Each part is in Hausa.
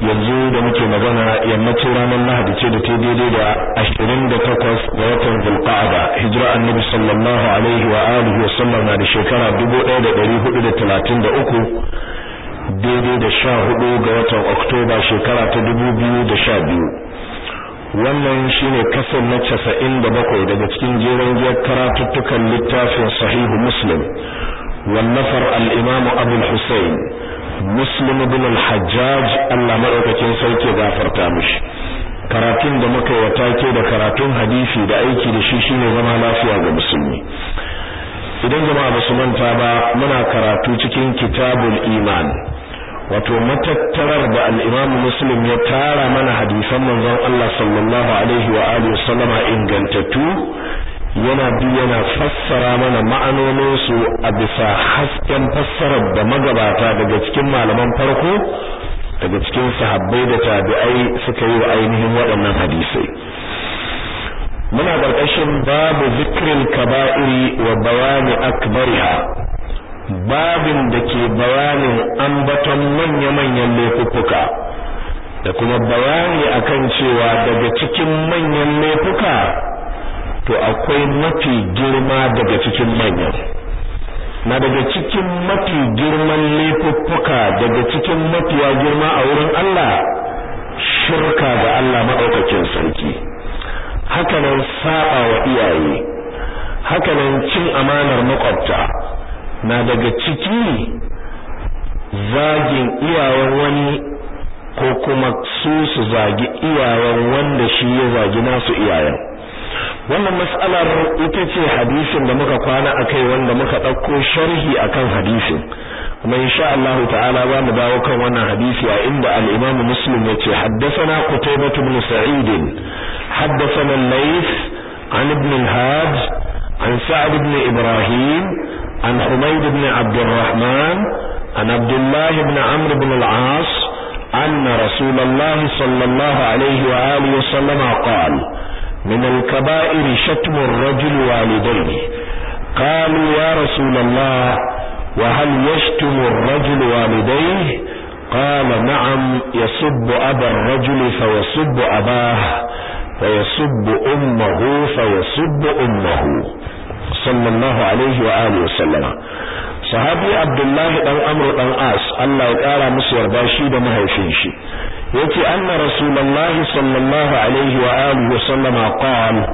yanzu da muke magana yammacin ranar lahadi ce da ta daidai da ashirin da takwas ga watan zulqa'ada hijira annabi sallallahu alaihi wa alihi wa sallam na da shekara dubu ɗaya da ɗari hudu da talatin da uku daidai da sha hudu ga watan oktoba shekara ta dubu biyu da sha biyu wannan shine kasa na casa'in da bakwai daga cikin jerin jiyar karatuttukan littafin sahihu muslim wallafar al-imamu abul husayn muslim ibn al-hajjaj Allah madaukakin sarki gafarta mishi karatun da muka yi take da karatun hadisi da aiki da shi shine zama lafiya ga musulmi idan jama'a ba su manta ba muna karatu cikin kitabul iman wato matattarar da al-Imam Muslim ya tara mana hadisan manzon Allah sallallahu alaihi wa alihi wasallama ingantattu yana bi yana fassara mana ma'anoninsu a bisa hasken fassarar da magabata daga cikin malaman farko daga cikin sahabbai da tabi'ai suka yi wa ainihin waɗannan hadisai muna ƙarƙashin babu zikirin kaba'iri wa bayani akbariha babin da ke bayanin ambaton manya-manyan laifuka da kuma bayani akan cewa daga cikin manyan laifuka to akwai mafi girma daga cikin manyan na daga cikin mafi girman laifuffuka daga cikin mafiya girma a wurin Allah shirka ga Allah maɗaukakin sarki hakanan saba wa iyaye hakanan cin amanar makwabta na daga ciki zagin iyawan wani ko kuma su su zagi iyawan wanda shi ya zagi nasu iyayen wannan mas'alar ita ce hadisin da muka kwana akai wanda muka dauko sharhi akan hadisin kuma insha Allah ta'ala za mu dawo kan wannan hadisi a inda al-Imam Muslim yace haddathana Qutaybah ibn Sa'id haddathana Layth an ibn al-Hajj an Sa'd ibn Ibrahim an Humayd ibn Abd al-Rahman an Abdullah ibn Amr ibn al-As anna Rasulullah sallallahu alayhi wa alihi wa sallam qala من الكبائر شتم الرجل والديه قالوا يا رسول الله وهل يشتم الرجل والديه قال نعم يسب أبا الرجل فيسب أباه ويسب أمه فيسب أمه صلى الله عليه وآله وسلم صحابي عبد الله بن عمرو بن عاص الله يقرأ مصير باشي ده ما هيفين شي yace anna rasulullahi sallallahu alaihi wa alihi wasallama qala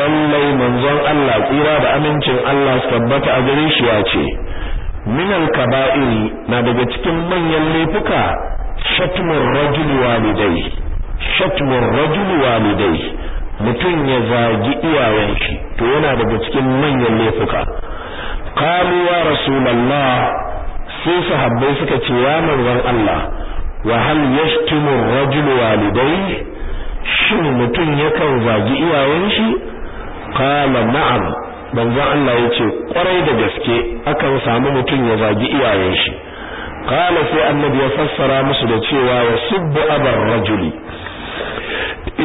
lallai manzon Allah tsira da amincin Allah tabbata a gare shi ya ce min al-kaba'iri na daga cikin manyan laifuka shatmur rajul walidai shatmur rajul walidai mutum ya zagi iyayen shi to yana daga cikin manyan laifuka qalu ya rasulullah sai sahabbai suka ce ya manzon Allah wa hal yashtimu ar-rajul walidayhi shin mutum yakan zagi iyayen shi qala na'am zan Allah yace kwarai da gaske akan samu mutum ya zagi iyayen shi qala sai annabi ya fassara musu da cewa yasubbu abar rajuli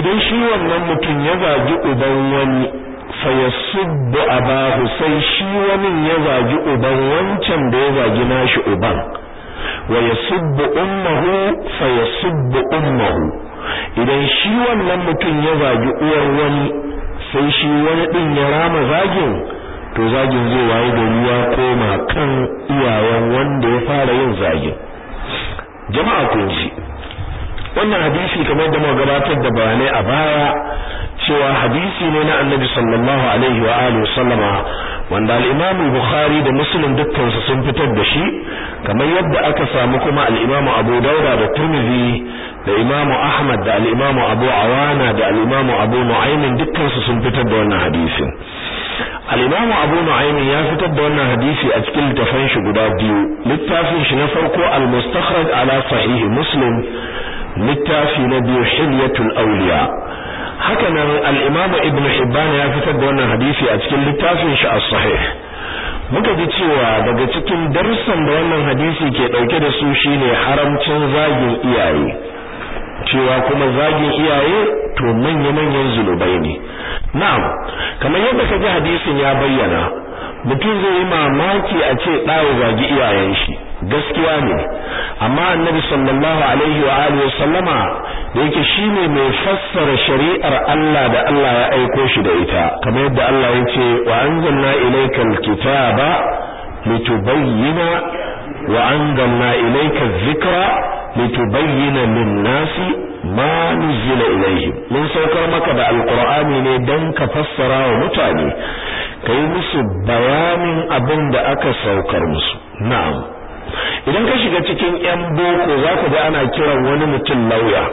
idan shi wannan mutum ya zagi uban wani fa a abahu sai shi wani ya zagi uban wancan da ya zagi nashi uban wa yasubbu ummuhu fa yasubbu ummuhu idan shi wannan mutum ya zagi uwar wani sai shi wani din ya rama zagin to zagin zai waye da ruwa koma kan iyayen wanda ya fara yin zagin jama'a kun ji wannan hadisi kamar da mu gabatar da bayanai a baya cewa hadisi ne na annabi sallallahu alaihi wa alihi sallama wanda al-Imam Bukhari da Muslim dukkan su sun fitar da shi kamar yadda aka samu kuma al Abu dauda da Tirmidhi da Imam Ahmad da al-Imam Abu Awana da al-Imam Abu Nu'aym dukkan su sun fitar da wannan hadisin al Abu Nu'aym ya fitar da wannan hadisi a cikin littafin shi guda biyu littafin shi na farko al-Mustakhraj ala Sahih Muslim littafi na biyu Hilyatul Awliya haka nan al imamu ibn hibban ya fitar da wannan hadisi a cikin littafin shi as-sahih muka ji cewa daga cikin darussan da wannan hadisi ke ɗauke da su shine haramcin zagin iyaye cewa kuma zagin iyaye to manya-manyan zulubai ne na'am kamar yadda ka ji hadisin ya bayyana mutum zai yi mamaki a ce ɗawo zagi iyayen shi gaskiya ne amma annabi sallallahu alaihi wa alihi wa sallama da yake shine mai fassara shari'ar Allah da Allah ya aiko shi da ita kamar yadda Allah ya ce wa anzalna ilayka alkitaba litubayyana wa anzalna ilaykaz dhikra litubayyana lin-nasi ma nuzila ilayhim mun saukar maka da alqur'ani ne dan ka fassara wa mutane ka yi musu bayanin abin da aka saukar musu na'am idan ka shiga cikin yan boko za ku ga ana kiran wani mutum lauya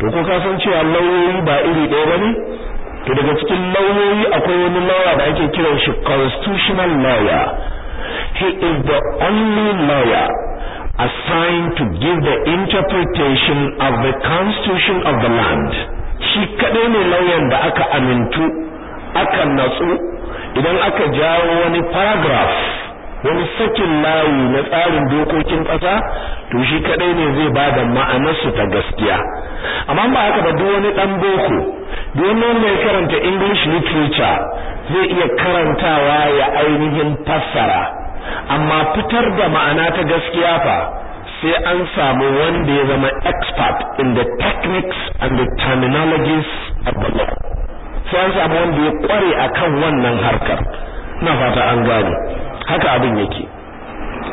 to ko ka san cewa lauyoyi ba iri ɗaya ba ne to daga cikin lauyoyi akwai wani lawyer da ake kiran shi constitutional lawyer he is the only lawyer assigned to give the interpretation of the constitution of the land shi kadai ne lauyan da aka amintu aka natsu idan aka jawo wani paragraph wani sakin layi na tsarin dokokin ƙasa to shi kadai ne zai ba da ma'anarsu ta gaskiya amma ba haka ba duk wani dan boko duk wani mai karanta English literature zai iya karantawa ya ainihin fassara amma fitar da ma'ana ta gaskiya fa sai an samu wanda ya zama expert in the techniques and the terminologies of the law sai an samu wanda ya kware akan wannan harkar ina fata an gane haka abin yake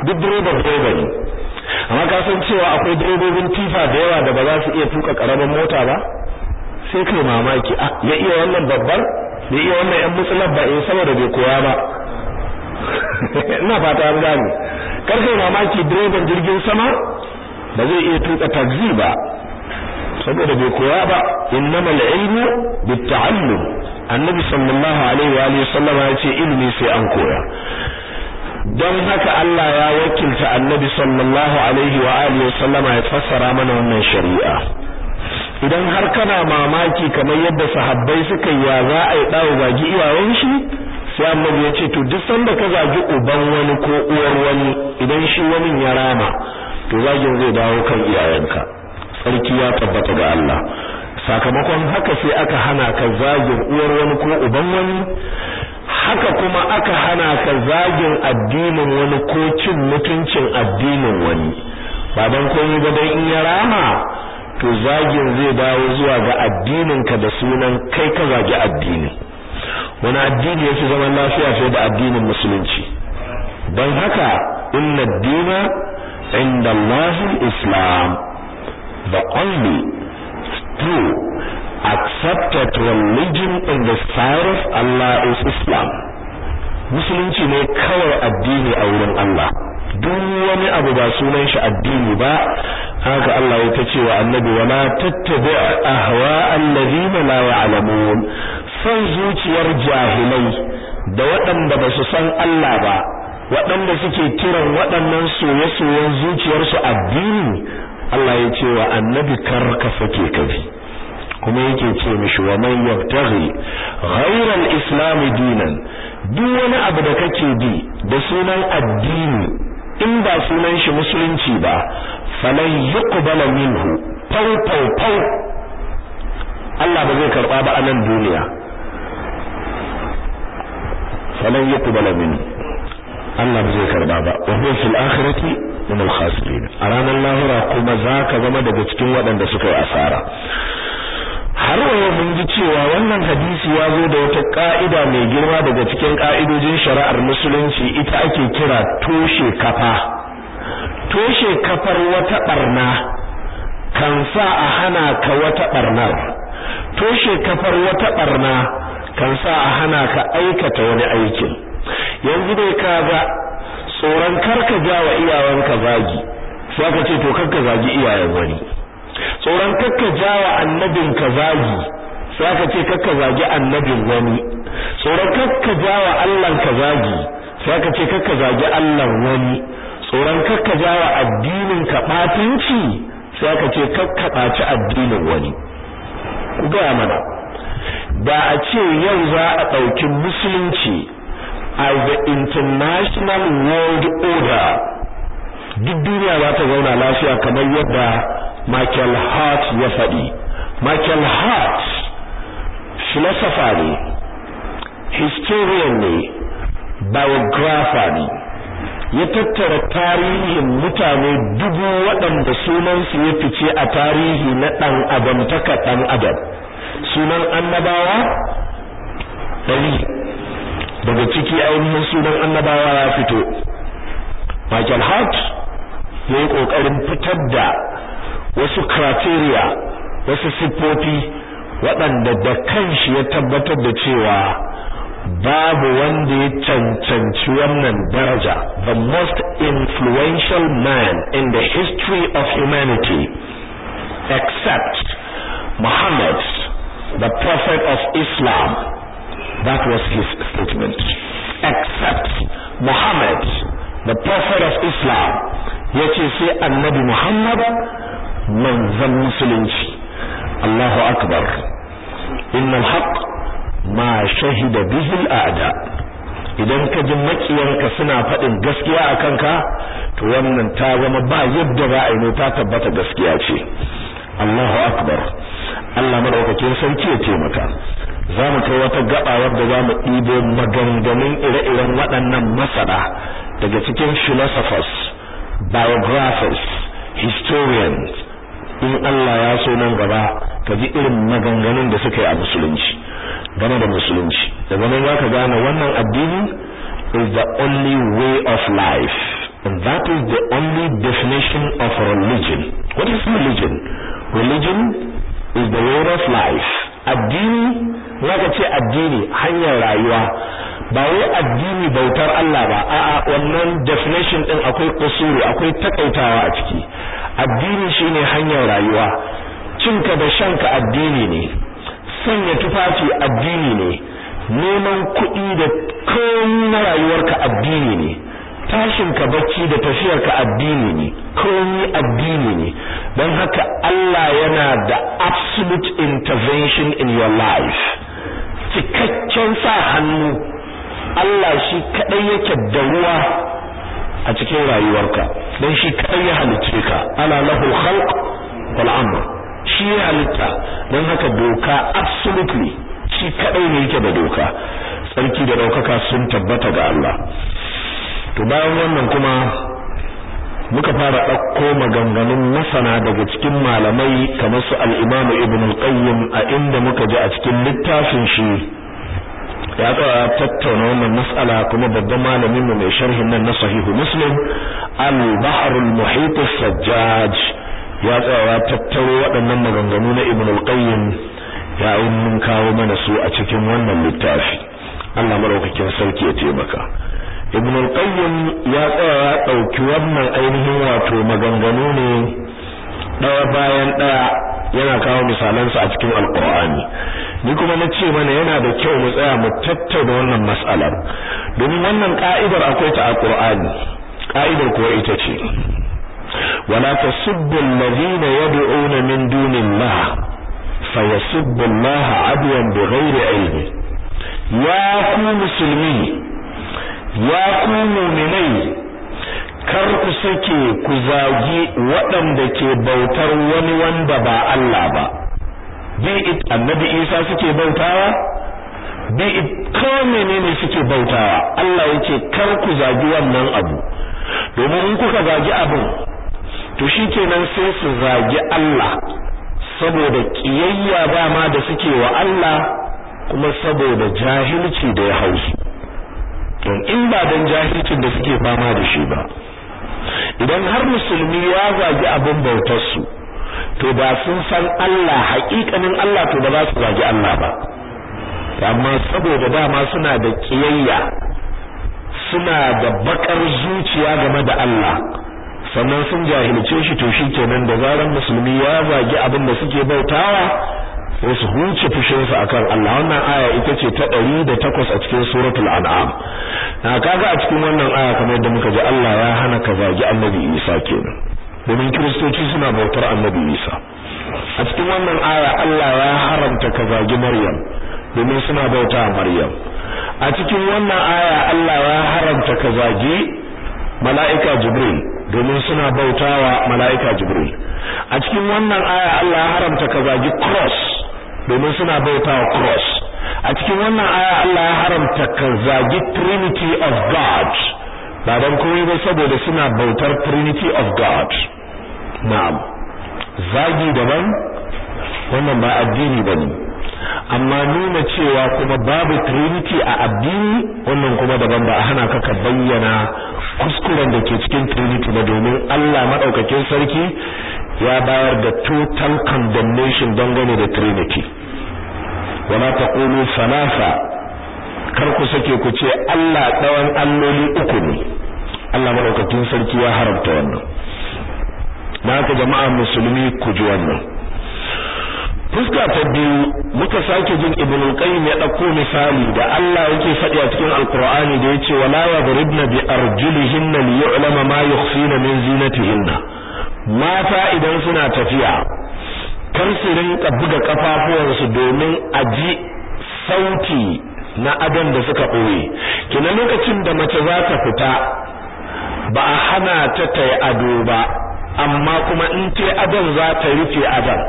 duk direban direba ne amma ka san cewa akwai direbobin tifa da yawa da ba za su iya tuka karamin mota ba sai kai mamaki ah ya iya wannan babbar ya iya wannan yan musulman ba eh, sama da bai koya ba ina fata an gane kar kai mamaki direban jirgin sama ba zai iya tuka taxi ba saboda bai koya ba innamal ilmu bitta'allum annabi sallallahu alaihi wa alihi sallama ya ce ilimi sai an koya don haka Allah ya wakilta annabi sallallahu alaihi wa alihi sallama ya fassara mana wannan shari'a idan har kana mamaki kamar yadda sahabbai suka yi ya za a yi dawo zagi iyayen shi sai annabi ya ce to duk sanda ka zagi uban wani ko uwar wani idan shi wani ya rama to zagin zai dawo kan iyayenka Sarki ya tabbata ga Allah sakamakon haka sai aka hana ka zagin uwar wani ko uban wani haka kuma aka hana ka zagin addinin wani ko cin mutuncin addinin wani ba dan komai ba dan in ya rama to zagin zai dawo zuwa ga addinin ka da sunan kai ka zagi addini wani addini yake zaman lafiya sai da addinin musulunci don haka inna dina inda Allahul Islam the only true accepted religion in the sight of Allah is Islam musulunci ne kawai addini a wurin Allah duk wani abu ba sunan shi addini ba haka Allah ya ta cewa annabi wala tattabi ahwa alladhina la ya'lamun san zuciyar jahilai da waɗanda ba su san Allah ba waɗanda suke kiran waɗannan soye-soyen zuciyarsu addini Allah ya ce wa annabi kar ka sake ka kuma yake ce mishi wa man yabtaghi ghayra al-islam dinan duk wani abu da kake bi da sunan addini in ba sunan shi musulunci ba falan yuqbala minhu fau fau fau Allah ba zai karba ba a nan duniya falan yuqbala minhu Allah ba zai karba ba wa fil akhirati min khasirin a ranar Lahura kuma zaka zama daga cikin waɗanda suka yi asara har wayo mun ji cewa wannan hadisi ya zo da wata ka'ida mai girma daga cikin ka'idojin shari'ar musulunci ita ake kira toshe kafa toshe kafar wata barna kan sa a hana ka wata barnar toshe kafar wata barna kan sa a hana ka aikata wani aikin yanzu dai kaga tsoron karka ja wa iyawanka zagi sai aka ce to karka zagi iyayen wani tsoron karka ja wa annabinka zagi sai aka ce karka zagi annabin wani tsoron karka ja wa Allahnka zagi sai aka ce karka zagi Allah wani tsoron karka ja wa addininka batunci sai aka ce karka baci addinin wani ku ga mana da a ce yau za a ɗauki musulunci as the international world order duk duniya za ta zauna lafiya kamar yadda Michael Hart ya faɗi Michael Hart philosopher ne historian ne biographer ne ya tattara tarihin mutane dubu waɗanda sunansu ya fice a tarihi na ɗan adam taka ɗan adam sunan annabawa ɗari daga ciki ainihin sunan annabawa ya fito Michael Hart ya yi ƙoƙarin fitar da wasu criteria wasu siffofi waɗanda da kanshi ya tabbatar da cewa babu wanda ya cancanci wannan daraja the most influential man in the history of humanity except Muhammad the prophet of Islam That was his statement. Except Muhammad, the prophet of Islam, ya ce sai annabi Muhammad manzan musulunci. Allahu Akbar. Inna haq ma shahida bihil a'da. Idan ka ji makiyanka suna faɗin gaskiya a kanka, to wannan ta zama ba yadda za a yi ta tabbata gaskiya ce. Allahu Akbar. Allah madaukakin sarki ya taimaka. za mu kai wata gaba wadda za mu ɗibo maganganun ire-iren waɗannan masana daga cikin philosophers biographers historians in Allah ya so nan gaba ka ji irin maganganun da suka yi a musulunci game da musulunci daga nan za ka gane wannan addini is the only way of life and that is the only definition of religion what is religion religion is the way of life addini zaka ce addini hanyar rayuwa ba wai addini bautar Allah ba a'a wannan definition din akwai kusuri akwai takaitawa a ciki addini shine hanyar rayuwa cinka da shanka addini ne sanya tufafi addini ne neman kuɗi da komai rayuwarka addini ne tashin ka bacci da tafiyar ka addini ne komai addini ne don haka Allah yana da absolute intervention in your life cikakken sa hannu Allah shi kadai yake da ruwa a cikin rayuwarka don shi kadai ya halicce ka ana lahu khalq wal amr shi ya halitta don haka doka absolutely shi kadai ne yake da doka sarki da daukaka sun tabbata ga Allah to bayan wannan kuma muka fara ɗauko maganganun masana daga cikin malamai kamar su al-Imam Ibn al-Qayyim a inda muka ji a cikin littafin shi ya tsaya tattauna wannan mas'ala kuma babban malamin mu mai sharhin nan na sahihu Muslim al-Bahr al-Muhit sajjaj ya tsaya tattaro waɗannan maganganu na Ibn al-Qayyim ya mun kawo mana su a cikin wannan littafi Allah maraukakin sarki ya taimaka ibn al-qayyim ya tsaya ɗauki wannan ainihin wato maganganu ne daya bayan ɗaya yana kawo misalan a cikin alqur'ani ni kuma na ce mana yana da kyau mu tsaya mu tattauna wannan mas'alar domin wannan ka'idar akwai ta a qur'ani ka'idar kuwa ita ce wala tasubbu alladhina yad'una min dunillahi fayasubbu allaha adwan bighairi ilmi ya ku musulmi ya ku mu'minai kar ku sake ku zagi waɗanda ke bautar wani wanda ba Allah ba bi it annabi Isa suke bautawa bi it ko menene suke bautawa Allah yake kar ku zagi wannan abu domin in kuka zagi abin to shikenan sai su zagi Allah saboda kiyayya ba ma da suke wa Allah kuma saboda jahilci da ya hausu to in ba dan jahilcin da suke fama da shi ba idan har musulmi ya zagi abin bautar su to ba sun san Allah haƙiƙanin Allah to ba za su zagi Allah ba amma saboda dama suna da kiyayya suna da bakar zuciya game da Allah sannan sun jahilce shi to shi kenan da zaran musulmi ya zagi abin da suke bautawa sai su huce fushinsu akan Allah wannan aya ita ce ta 108 a cikin suratul an'am na kaga a cikin wannan aya kamar da muka ji Allah ya hana ka zagi annabi Isa kenan domin kiristoci suna bautar annabi Isa a cikin wannan aya Allah ya haramta ka zagi Maryam domin suna bauta a Maryam a cikin wannan aya Allah ya haramta ka zagi mala'ika Jibril domin suna bautawa mala'ika Jibril a cikin wannan aya Allah ya haramta ka zagi cross domin suna bauta wa cross a cikin wannan aya Allah ya haramta ka zagi trinity of god ba dan komai ba saboda suna bautar trinity of god na'am zagi daban wannan ba addini bane amma nuna cewa kuma babu trinity a addini wannan kuma daban ba hana ka ka bayyana kuskuren da ke cikin trinity ba domin Allah madaukakin sarki ya bayar da total condemnation dangane da trinity wala taqulu salasa kar ku sake ku ce Allah tsawon alloli uku ne Allah madaukakin sarki ya haramta wannan na ka jama'a musulmi ku ji wannan fuska ta biyu muka sake jin ibnu qayyim ya dauko misali da Allah yake faɗi a cikin alqur'ani da yace wala yadribna bi arjulihinna liyu'lama ma yukhfina min zinatihinna mata idan suna tafiya kar su rinka buga kafafuwansu domin a ji sauti na adon da suka ɓoye kina lokacin da mace za ta fita ba a hana ta ta yi ado ba amma kuma in ta adon za ta rufe adon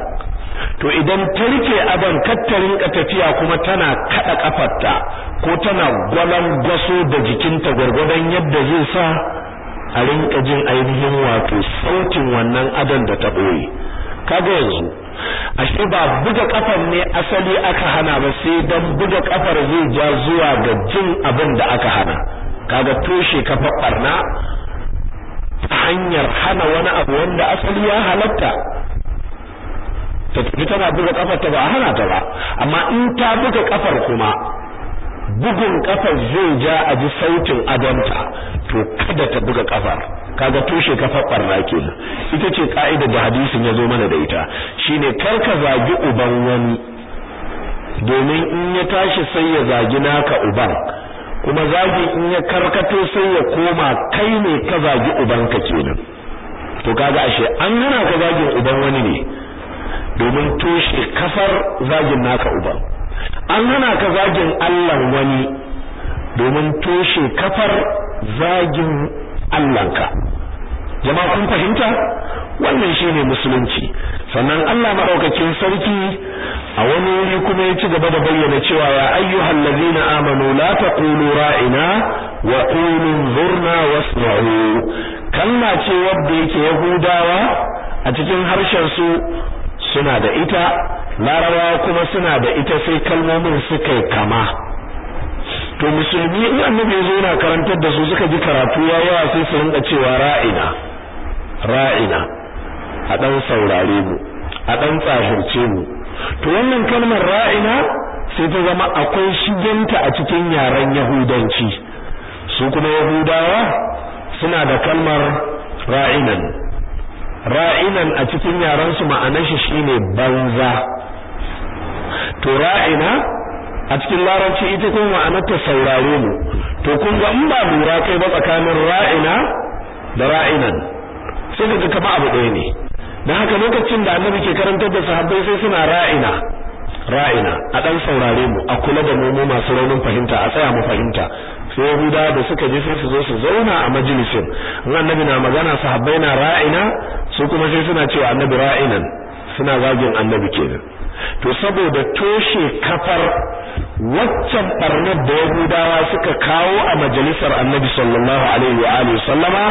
to idan ta rufe adon kar ta rinka tafiya kuma tana kaɗa ƙafarta ko tana gwalan gwaso da jikinta gwargwadon yadda zai sa a rinka jin ainihin wato sautin wannan adon da ta ɓoye kaga yanzu ashe ba buga kafar ne asali aka hana ba sai dan buga kafar zai ja zuwa ga jin abin da aka hana kaga toshe kafa barna ta hanyar hana wani abu wanda asali ya halatta ta tafi tana buga kafar ta ba a hana ta ba amma in ta buga kafar kuma bugun kafar zai ja a ji sautin adonta to kada ta buga kafar kaga tushe kafar barna kenan ita ce ka'ida da hadisin ya zo mana da ita shine kar ka zagi uban wani domin in ya tashi sai ya zagi naka uban kuma zagi in ya karkato sai ya koma kai ne ka zagi ubanka kenan to kaga ashe an gana ka zagin uban wani ne domin toshe kafar zagin naka uban an gana ka zagin Allah wani domin toshe kafar zagin Allahnka jama'a kun fahimta wannan shine musulunci sannan Allah madaukakin sarki a wani wuri kuma ya ci gaba da bayyana cewa ya ayyuhal ladina amanu la taqulu ra'ina wa qulu zurna wasma'u kalma ce wadda yake yahudawa a cikin harshen su suna da ita larabawa kuma suna da ita sai kalmomin suka kama to musulmi in annabi zo na karantar da su suka ji karatu ya yawa sai su rinka cewa ra'ina ra'ina a dan saurare mu a dan tsahirce mu to wannan kalmar ra'ina sai ta zama akwai shigenta a cikin yaren yahudanci su kuma yahudawa suna da kalmar ra'inan ra'inan a cikin su ma'anar shi shine banza to ra'ina a cikin larabci ita kuma ma'anarta saurare mu to kun ga in ba lura kai ba tsakanin ra'ina da ra'inan sai kaga kama abu ɗaya ne dan haka lokacin da annabi ke karantar da sahabbai sai suna ra'ina ra'ina a dan saurare mu a kula da mu masu raunin fahimta a tsaya mu fahimta sai yahuda da suka je sai su zo su zauna a majalisin in annabi na magana sahabbai na ra'ina su kuma sai suna cewa annabi ra'inan suna zagin annabi kenan to saboda toshe kafar waccan barnar da yahudawa suka kawo a majalisar annabi sallallahu alaihi wa alihi sallama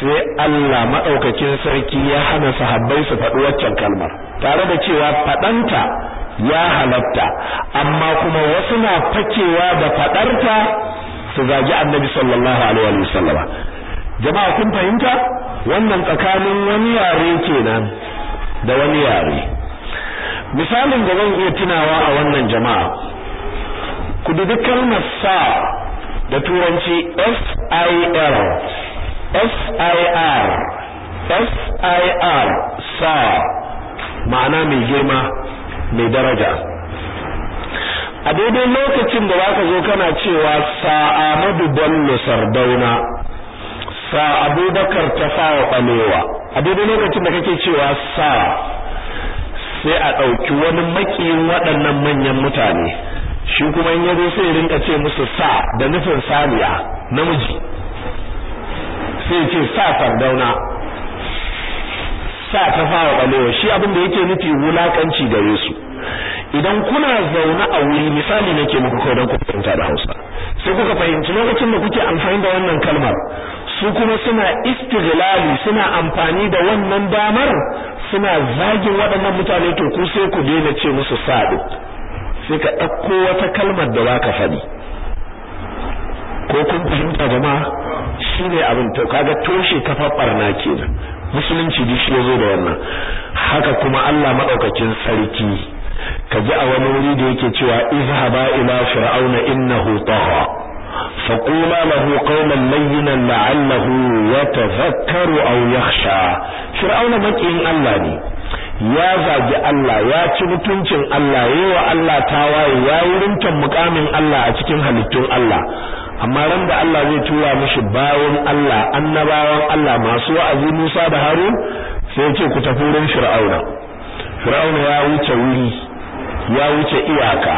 sai Allah madaukakin sarki ya hana sahabbai su faɗi waccan kalmar tare da cewa faɗanta ya halatta amma kuma wasu na fakewa da faɗarta su zagi annabi sallallahu alaihi wa sallama jama'a kun fahimta wannan tsakanin wani yare kenan da wani yare misalin da zan iya tunawa a wannan jama'a ku dubi kalmar sa da turanci S-I-L s s sa ma'ana mai girma mai daraja a daidai lokacin da zaka zo kana cewa dan bello sardauna sa abubakar tafawa kalewa a daidai lokacin da kake cewa sa sai a ɗauki wani makiyin waɗannan manyan mutane shi kuma in yazo sai rinka ce musu sa da nufin saniya namiji sai ce sa sardauna sa ta fara balewa shi abin da yake nufi wulakanci ga Yesu. idan kuna zaune a wuri misali nake muku kawai don ku fahimta da Hausa sai kuka fahimci lokacin da kuke amfani da wannan kalmar su kuma suna istighlali suna amfani da wannan damar suna zagin waɗannan mutane to ku sai ku daina ce musu sadu sai ka ɗauko wata kalmar da za ka faɗi ko kun fahimta jama'a shine abin to kaga toshe kafar barna kenan musulunci duk shi yazo da wannan haka kuma Allah madaukakin sarki ji a wani wuri da yake cewa izhaba ila fir'auna innahu tagha فقولا له قوما لينا لعله يتذكر او يخشى فرعون مكين الله ne ya zagi Allah ya ci mutuncin Allah yayi wa Allah tawaye ya wurintan mukamin Allah a cikin halittun Allah amma ran da Allah zai tura mishi bayan Allah annabawan Allah masu wa'azi Musa da Harun sai ya ce ku tafi wurin Fir'auna Fir'auna ya wuce wuri ya wuce iyaka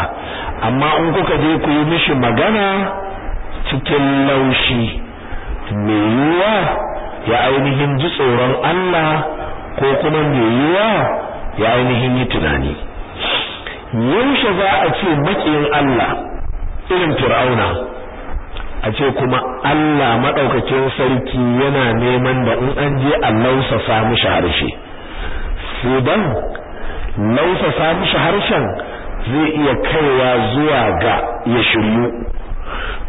amma in kuka je ku yi mishi magana cikin laushi mai yiwuwa ya ainihin ji tsoron Allah ko kuma mai yiwuwa ya ainihin yi tunani yaushe za a ce makiyin Allah irin fir'auna a ce kuma Allah maɗaukakin sarki yana neman da in an je a sa mishi harshe su lausa samu shi harshen zai iya kaiwa zuwa ga ya shiryu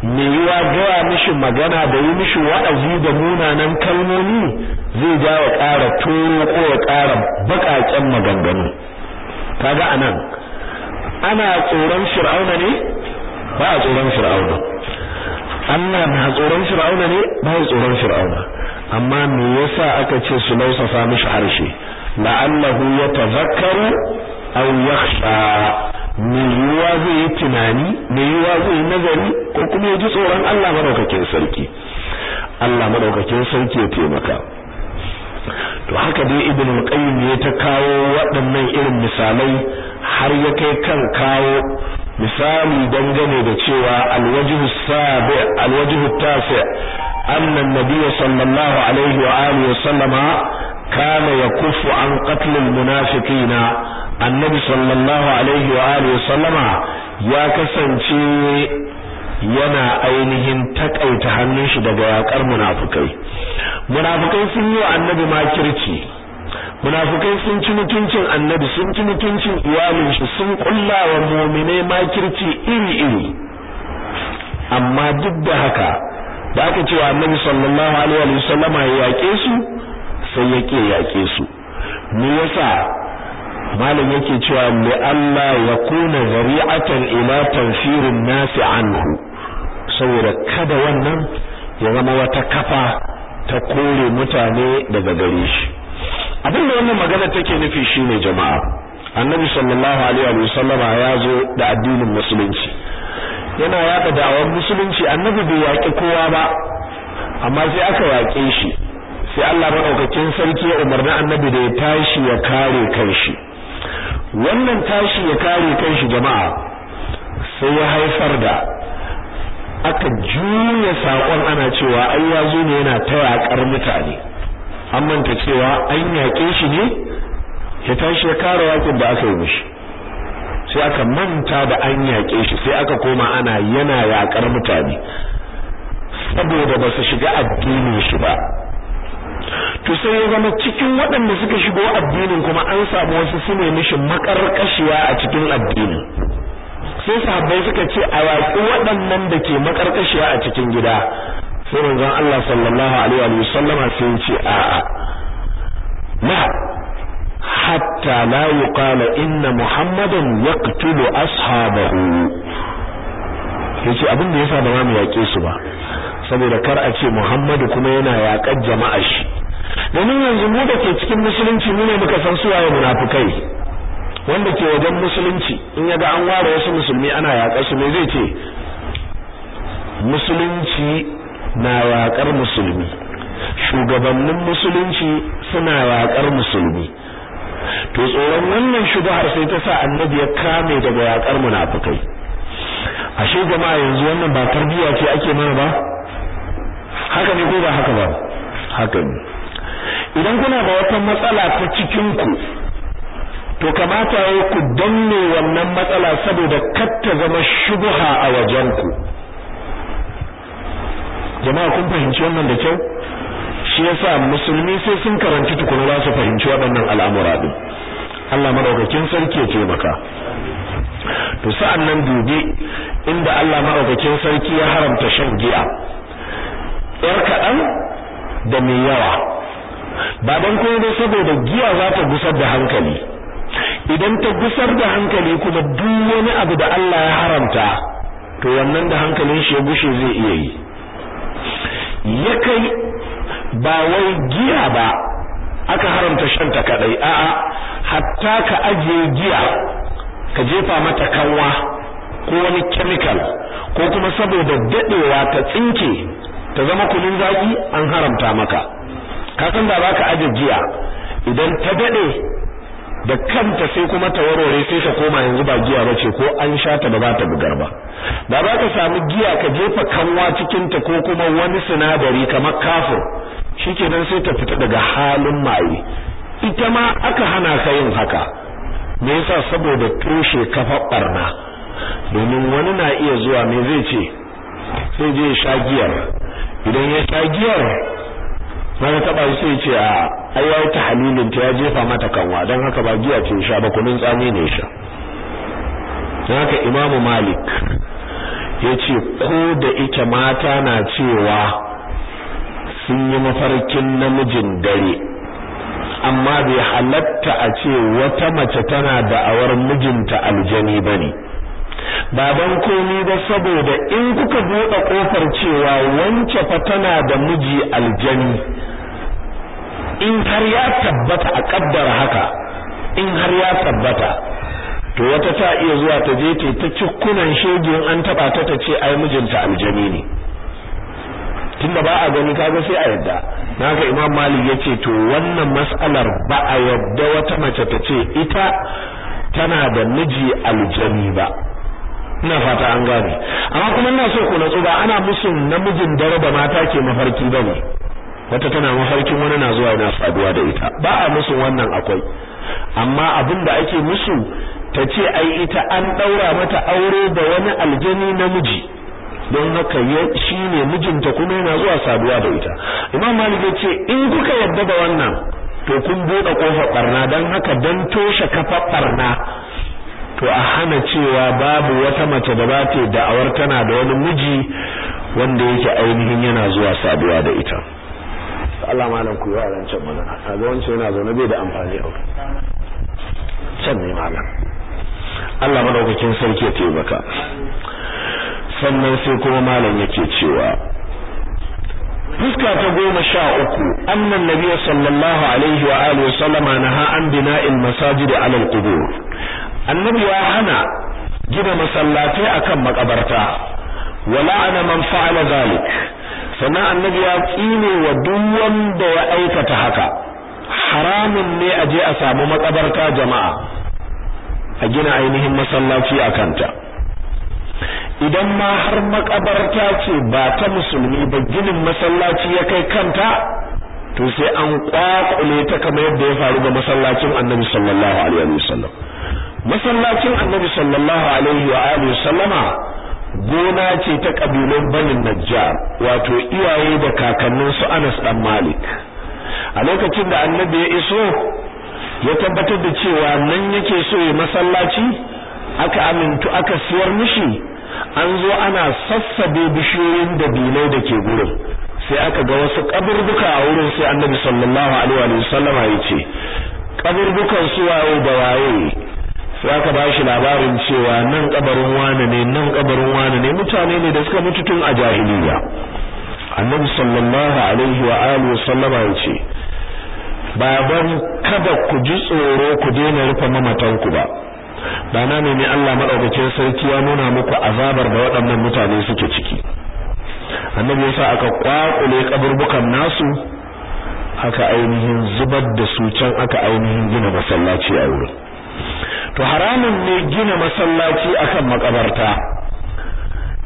yi yiwa gaya mishi magana da yi mishi wa'azi da munanan kalmomi zai ja wa ƙara toro ko ya ƙara baƙaƙen maganganu kaga anan ana tsoron shir'auna ne ba a tsoron shir'auna Allah na tsoron shir'auna ne ba a tsoron shir'auna amma me yasa aka ce su lausafa mishi harshe la'allahu yatazakkaru aw yakhsha mai yiwuwa zai yi tunani mai yiwuwa zai yi nazari ko kuma ya ji tsoron Allah madaukakin sarki Allah madaukakin sarki ya taimaka to haka dai ibn al-qayyim ya ta kawo waɗannan irin misalai har ya kai kan kawo misali dangane da cewa al-wajhu sabi al-wajhu tasi anna an-nabiy sallallahu alaihi wa alihi wa sallama kana yakuffu an qatlil munafiqina annabi sallallahu alaihi wa alihi ya kasance yana ainihin takaita hannun shi daga yakar munafukai. Munafukai sun yi wa annabi makirci munafukai sun ci mutuncin annabi sun ci mutuncin iyalin shi sun kulla wa mu'mine makirci iri iri amma duk da haka da aka cewa annabi sallallahu alaihi wa sallama ya yake su sai yake yaƙe su me yasa malam yake cewa li Allah ya kuna zari'atan ila tanfirin nasi anhu saboda kada wannan ya zama wata kafa ta kore mutane daga gare shi abin da wannan magana take nufi shine jama'a annabi sallallahu alaihi wa sallama ya zo da addinin musulunci yana yaɗa da'awar musulunci annabi bai yaƙi kowa ba amma sai aka yaƙe shi sai Allah madaukakin sarki ya umarni annabi da ya tashi ya kare shi. wannan tashi ya kare kanshi jama'a sai ya haifar da aka juya sakon ana cewa ai ya ne yana ta yakar mutane an manta cewa an yaƙe shi ne ya tashi ya kare yakin da aka yi mishi sai aka manta da an yaƙe shi sai aka koma ana yana yakar mutane saboda ba su shiga addinin shi ba to sai ya zama cikin waɗanda suka shigo addinin kuma an samu wasu su ne mishin makarkashiya a cikin addini sai sahabbai suka ce a yaƙi waɗannan da ke makarkashiya a cikin gida sai manzon Allah sallallahu alaihi wa sallama sai ce a'a la hatta la yuqala inna muhammadan yaqtulu ashabahu yace abin da yasa ba mu yaƙe su ba saboda kar a ce Muhammadu kuma yana yaƙar jama'a shi domin yanzu mu da ke cikin musulunci mu ne muka san su waye munafikai wanda ke wajen musulunci in ya ga an ware wasu musulmi ana yaƙar su me zai ce musulunci na yaƙar musulmi shugabannin musulunci suna yaƙar musulmi to tsoron wannan shubhar sai ta sa annabi ya kame daga yaƙar munafikai ashe jama'a yanzu wannan ba tarbiyya ce ake mana ba haka ne ko ba haka ba haka ne idan kuna da wata matsala ta cikin ku to kamata ya ku danne wannan matsala saboda katta zama shubha a wajen ku jama'a kun fahimci wannan da kyau shi yasa musulmi sai sun karanci tukuna za su fahimci waɗannan al'amura din Allah madaukakin sarki ya taimaka to sa'an nan dubi inda Allah madaukakin sarki ya haramta shan giya da mai yawa ba don kuma dai saboda giya za ta gusar da hankali idan ta gusar da hankali kuma duk wani abu da Allah ya haramta to wannan da hankalin shi ya gushe zai iya yi ya kai ba wai giya ba aka haramta shan ta kadai a'a hatta ka ajiye giya ka jefa mata kanwa ko wani chemical ko kuma saboda dadewa ta tsinke ta zama kulin zaki an haramta maka ka san da baka aje idan ta dade da kanta sai kuma ta warware sai ta koma yanzu ba giya bace ko an sha ta ba za ta bugar ba da ba ka samu giya ka jefa kanwa cikin ta ko kuma wani sinadari kamar kafur shikenan sai ta fita daga halin maye ita ma aka hana ka yin haka me yasa saboda toshe kafa barna domin wani na iya zuwa me zai ce sai je sha giyar idan ya sha giyar wani taba sai ce a ai ta halilin ta ya jefa mata kanwa dan haka ba giya ce sha ba kunun tsami ne sha dan haka Imam Malik yace ko da ita mata na cewa sun yi mafarkin namijin dare amma bai halatta a ce wata mace tana da awar mijinta aljani bane ba don komi ba saboda in kuka buɗe ƙofar cewa wance fa tana da miji aljani in har ya tabbata a kaddar haka in har ya tabbata to wata ta iya zuwa ta je ta ta cikunan shege in an taba ta ta ce ai mijinta aljani ne tunda ba a gani kaga sai a yadda naka imam malik yace to wannan mas'alar ba a yadda wata mace ta ce ita tana da miji aljani ba ina fata an gane amma kuma ina so ku natsu ba ana musu namijin dare da mata ke mafarki bane wata tana mafarkin wani na zuwa yana saduwa da ita ba a musu wannan akwai amma abin da ake musu ta ce ai ita an ɗaura mata aure da wani aljani namiji don haka shi ne mijinta kuma yana zuwa saduwa da ita imam malik ya ce in kuka yarda da wannan to kun buɗe kofar barna don haka don toshe kafar ɓarna. to a hana cewa babu wata mace da ba ta da'awar tana da wani miji wanda yake ainihin yana zuwa saduwa da ita Allah malam ku yi rancen mana. kaga wancan yana zaune bai da amfani wurin. can ne malam Allah madaukakin sarki ya taimaka sannan sai kuma malam yake cewa fuska ta goma sha uku annan nabiya sallallahu alaihi wa alihi wa sallama naha an bina'il masajidi ala al-qubur annabi ya hana gina masallatai akan makabarta wala ana man fa'ala zalik sannan annabi ya tsine wa duk wanda ya aikata haka haramun ne a je a samu makabarta jama'a a gina ainihin masallaci a kanta idan ma har makabarta ce ba ta musulmi ba ginin masallaci ya kai kanta to sai an kwakule ta kamar yadda ya faru ga masallacin annabi sallallahu alaihi wasallam masallacin annabi sallallahu alaihi wa alihi sallama gona ce ta kabilun banin najjar wato iyaye da kakannin su Anas dan Malik a lokacin da annabi ya iso ya tabbatar da cewa nan yake so ya masallaci aka amintu aka siyar mishi an zo ana sassabe bishiyoyin da bilai da ke gurin sai aka ga wasu kaburbuka a wurin sai annabi sallallahu alaihi wa sallama ya ce kaburbukan su waye da waye sai aka ba shi labarin cewa nan kabarin wane ne nan kabarin wane ne mutane ne da suka mutu tun a jahiliya annabi sallallahu alaihi wa alihi sallama ya ce baban kada ku ji tsoro ku daina rufe mamatan ku ba ba na ne Allah madaukakin sarki ya nuna muku azabar da waɗannan mutane suke ciki annabi ya sa aka kwakule kaburbukan nasu aka ainihin zubar da su can aka ainihin gina masallaci a wurin to haramun ne gina masallaci akan makabarta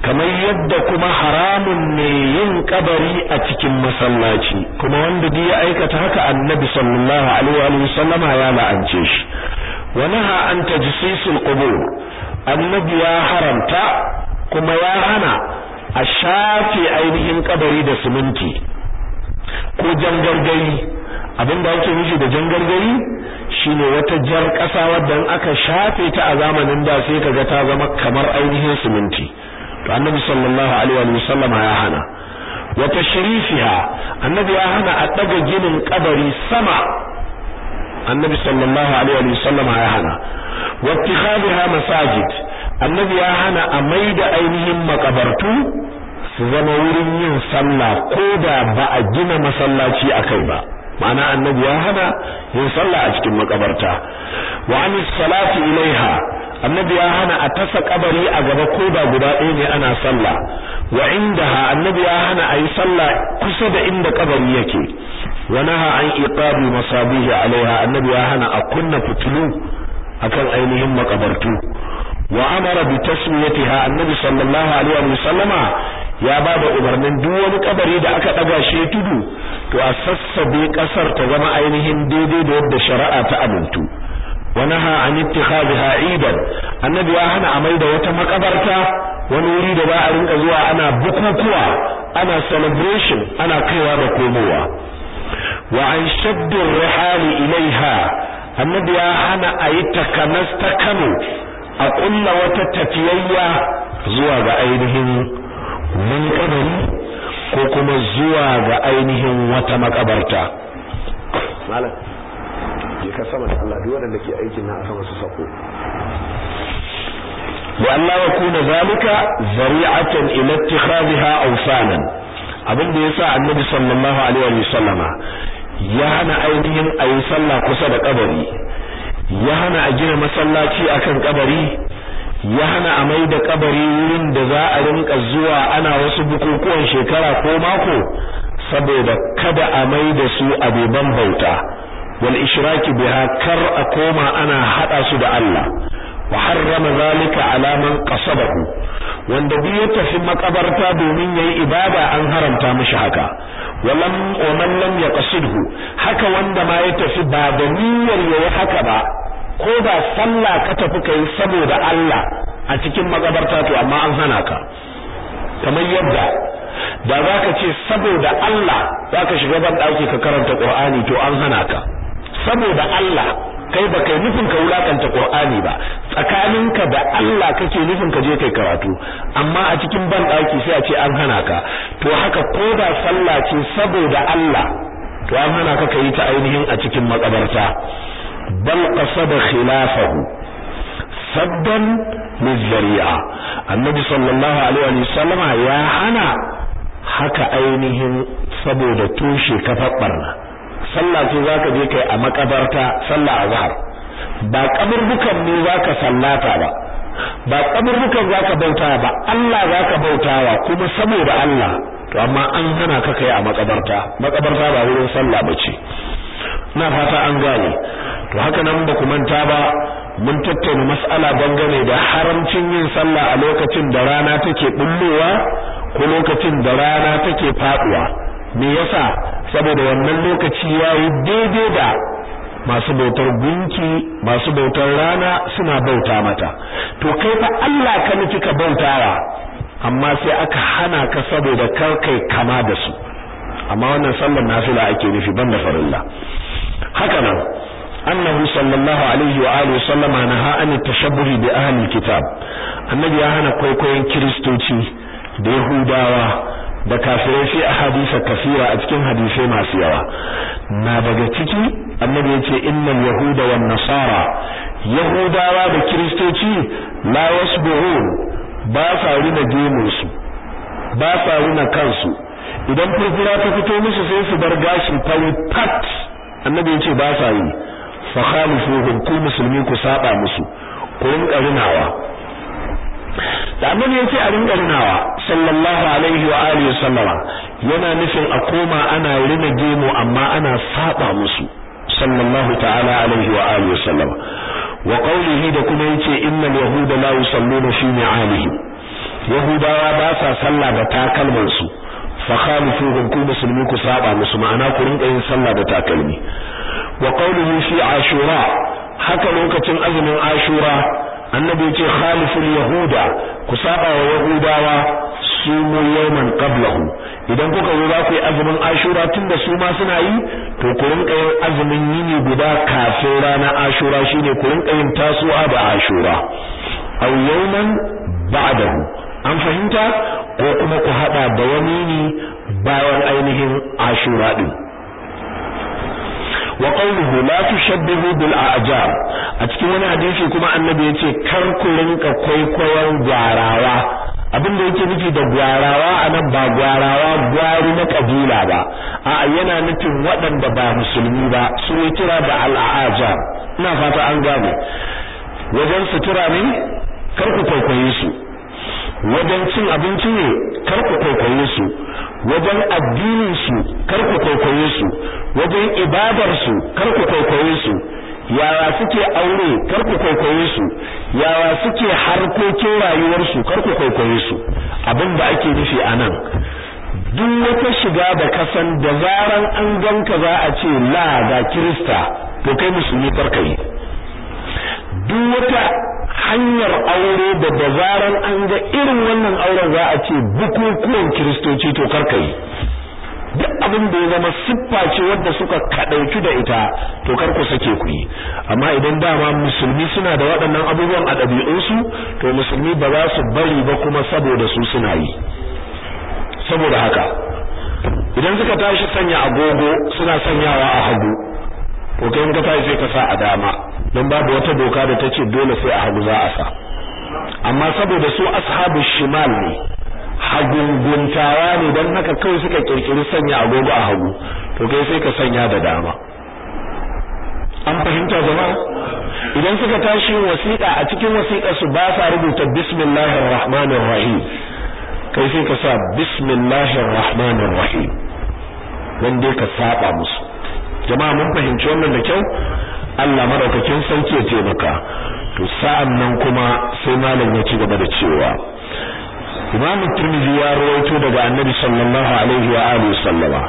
kamar yadda kuma haramun ne yin kabari a cikin masallaci kuma wanda duk ya aikata haka annabi sallallahu alaihi wa sallama ya la'ance shi wa naha an tajsisul qubur annabi ya haramta kuma ya hana a shafe ainihin kabari da siminti ko jangargari abin da ake nufi da jan gargari shine wata jar ƙasa wadda aka shafe ta a zamanin da sai kaga ta zama kamar ainihin siminti to annabi sallallahu alaihi wa sallam ya hana wa tashrifiha annabi ya hana a daga ginin kabari sama annabi sallallahu alaihi wa sallam ya hana wa ittikhadha masajid annabi ya hana a maida ainihin makabartu su zama wurin yin sallah ko da ba a gina masallaci akai ba ma'ana annabi ya hana yin sallah a cikin makabarta wa anis salati ilaiha annabi ya hana a tasa kabari a gaba ko ba guda ɗaya ne ana sallah wa indaha annabi ya hana a yi sallah kusa da inda kabari yake wa naha an iqabi masabihi alaiha annabi ya hana a kunna fitilu akan ainihin makabartu wa amara bi tasmiyatiha annabi sallallahu alaihi wa sallama ya bada umarnin duk wani kabari da aka daga shi tudu to a sassabe kasar ta zama ainihin daidai da yadda shari'a ta amintu wani naha an ittikhadha idan annabi ya hana amai da wata makabarta wani wuri da ba a rinka zuwa ana bukukuwa ana celebration ana kaiwa da komowa wa an shaddu rihali ilaiha annabi ya hana ayi yi ta Kano a kulla wata tafiyayya zuwa ga ainihin mun ko kuma zuwa ga ainihin wata makabarta malam je ka sama da Allah duk wanda ke aikin na sama su sako Allah ya kuna zalika zari'atan ila ittikhadha awsanan abin da yasa annabi sallallahu alaihi wa sallama ya hana ainihin ayi sallah kusa da kabari ya hana a gina masallaci akan kabari ya hana a mai da kabari wurin da za a rinka zuwa ana wasu bukukuwan shekara ko mako saboda kada a mai da su abeban bauta wal ishraki biha kar a koma ana hada su da Allah wa harrama zalika ala man qasabahu wanda bi ya tafi makabarta domin yayi ibada an haramta mishi haka walam wa man lam yaqsidhu haka wanda ma ya tafi ba da niyyar yayi haka ba ko ba sallah ka tafi kai saboda Allah a cikin magabarta to amma an hana ka kamar yadda da za ka ce saboda Allah za ka shiga ban ɗaki ka karanta Qur'ani to an hana ka saboda Allah kai ba kai nufin ka wulakanta Qur'ani ba tsakaninka da Allah kake nufin ka je kai karatu amma a cikin ban ɗaki sai a ce an hana ka to haka ko ba sallah ce saboda Allah to an hana ka yi ta ainihin a cikin makabarta bal da khilafahu saddan lizari'a annabi sallallahu alaihi wasallama ya hana haka ainihin saboda tushe kafar barna sallah ce je kai a makabarta sallah azhar ba kaburbukan ne ka sallata ba ba za zaka bauta ba Allah zaka bautawa kuma saboda Allah to amma an hana ka kai a makabarta makabarta ba wurin sallah ce na fata an gane to haka nan ba ku manta ba mun tattauna mas'ala dangane da haramcin yin sallah a lokacin da rana take bullowa ko lokacin da rana take faduwa me yasa saboda wannan lokaci yayi daidai da masu bautar gunki masu bautar rana suna bauta mata to kai fa Allah ka nufi ka bautawa amma sai aka hana ka saboda kar kai kama da su amma wannan sallar nafila ake nufi banda farilla haka nan annahu sallallahu alaihi wa alihi sallama naha an tashabbuhi bi ahli kitab annabi ya hana kwaikwayon kiristoci da yahudawa da kafirai a hadisa kafira a cikin hadisai masu yawa na daga ciki annabi yace innal yahuda wan nasara yahudawa da kiristoci la yasbuhun ba sa rina gemunsu ba sa rina kansu idan furfura ta fito musu sai su bar gashin fari pat annabi yace ba sa yi fa khalifuhum ku musulmi ku saba musu ku rinka rinawa da annabi yace a rinka rinawa sallallahu alaihi wa alihi wasallama yana nufin a koma ana rina gemu amma ana saba musu sallallahu ta'ala alaihi wa alihi wasallama wa qawlihi da kuma yace innal yahuda la yusalluna fi mi'alihim yahudawa ba sa sallah da takalmansu fa khalifuhum ku musulmi ku saba musu ma'ana ku rinka yin sallah da takalmi wa qawluhu fi ashura haka lokacin azumin ashura annabi ya ce yahuda ku saba wa yahudawa mu yawman qablahu idan kuka zo za ku yi azumin ashura tunda su ma suna yi to ku rinka yin azumin yini guda kafin rana ashura shine ku rinka yin tasu'a da ashura aw yawman ba'dahu an fahimta ko kuma ku hada da wani ne bayan ainihin ashura din wa qawluhu la tushabbihu bil a'jab a cikin wani hadisi kuma annabi yace kar ku rinka kwaikwayon gwarawa abin da yake nufi da gwarawa a nan ba gwarawa gwari na kabila ba a yana nufin waɗanda ba musulmi ba su ne kira da al'aja ina fata an gane wajen sutura ne kar ku kwaikwaye su wajen cin abinci ne kar ku kwaikwaye su wajen addinin su kar ku kwaikwaye su wajen ibadar su kar ku kwaikwaye su yawa suke aure kar ku kwaikwaye su yawa suke harkokin rayuwar su kar ku kwaikwaye su abin da ake nufi anan duk wata shiga da kasan da zaran an ganka za a ce la ga kirista to kai musulmi farkai duk wata hanyar aure da da zaran an ga irin wannan auren za a ce bukukuwan kiristoci to karkai duk abin da ya zama siffa ce wadda suka kadauki da ita to kar ku sake ku yi amma idan dama musulmi suna da waɗannan abubuwan a ɗabi'unsu to musulmi ba za su bari ba kuma saboda su suna yi saboda haka idan suka tashi sanya agogo suna sanyawa a hagu to kai in ka tashi sai ka sa a dama don babu wata doka da ta ce dole sai a hagu za a sa amma saboda su ashabu shimal ne hagunguntawa ne don haka kawai suka kirkiri sanya agogo a hagu to kai sai ka sanya da dama an fahimta jama'a idan suka tashi wasiƙa a cikin wasiƙa su ba sa rubuta bismillahir rahmanir rahim kai sai ka sa bismillahir rahmanir rahim wanda ka saba musu jama'a mun fahimci wannan da kyau Allah madaukakin sarki ya taimaka to sa'an nan kuma sai malam ya ci gaba da cewa Imam Tirmidhi ya rawaito daga Annabi sallallahu alaihi wa alihi sallama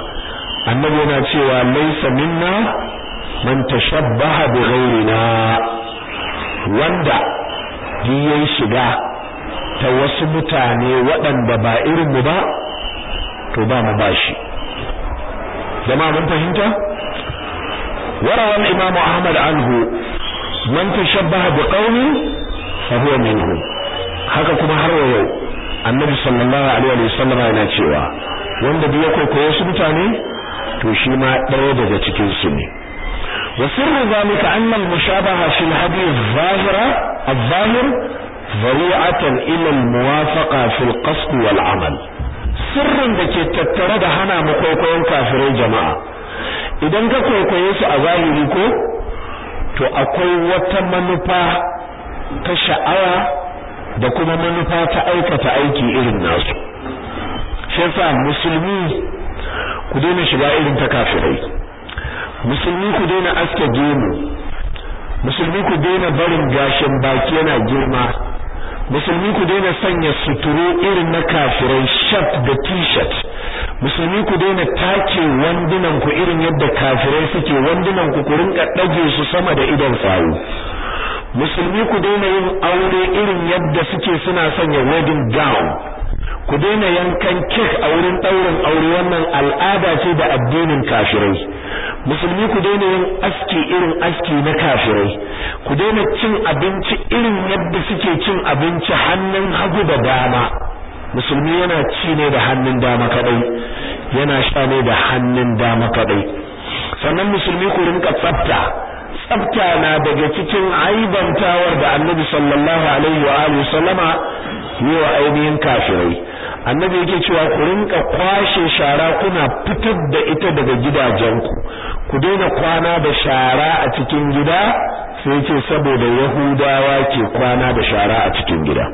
Annabi yana cewa laysa minna man tashabbaha bi ghayrina wanda yayin shiga ta wasu mutane waɗanda ba irin mu ba to ba mu bashi jama'a mun fahimta وروى الإمام أحمد عنه من تشبه بقوم فهو منهم haka kuma har wa yau annabi sallallahu alaihi wa sallam yana cewa wanda duk ya kwaikwaye su mutane to shi ma ɗaya daga cikin su ne wa sirru zalika anna al-mushabaha fi al-hadi adh-dhahira adh-dhahir dhari'atan ila al-muwafaqa fi al-qasd wal-amal sirrin da ke tattare da hana mu kwaikwayon kafirai jama'a idan ka kwaikwaye su a zahiri ko to akwai wata manufa ta sha'awa da kuma manufa ta aikata aiki irin nasu shi yasa musulmi ku daina shiga irin ta kafirai musulmi ku daina aske gemu musulmi ku daina barin gashin baki yana girma musulmi ku daina sanya suturu irin na kafirai shirt da t-shirt musulmi ku daina take wandunan ku irin yadda kafirai suke wandunan ku ku rinka su sama da idan sawu musulmi ku daina yin aure irin yadda suke suna sanya wedding gown ku daina yankan kek a wurin ɗaurin aure wannan al'ada ce da addinin kafirai musulmi ku daina yin aski irin aski na kafirai ku daina cin abinci irin yadda suke cin abinci hannun hagu da dama musulmi yana ci ne da hannun dama kadai yana sha ne da hannun dama kadai sannan musulmi ku rinka tsafta tsafta na daga cikin aibantawar da annabi sallallahu alaihi wa alihi sallama yi wa ainihin kafirai annabi yake cewa ku rinka kwashe shara kuna fitar da ita daga gidajenku ku daina kwana da shara a cikin gida sai ce saboda yahudawa ke kwana da shara a cikin gida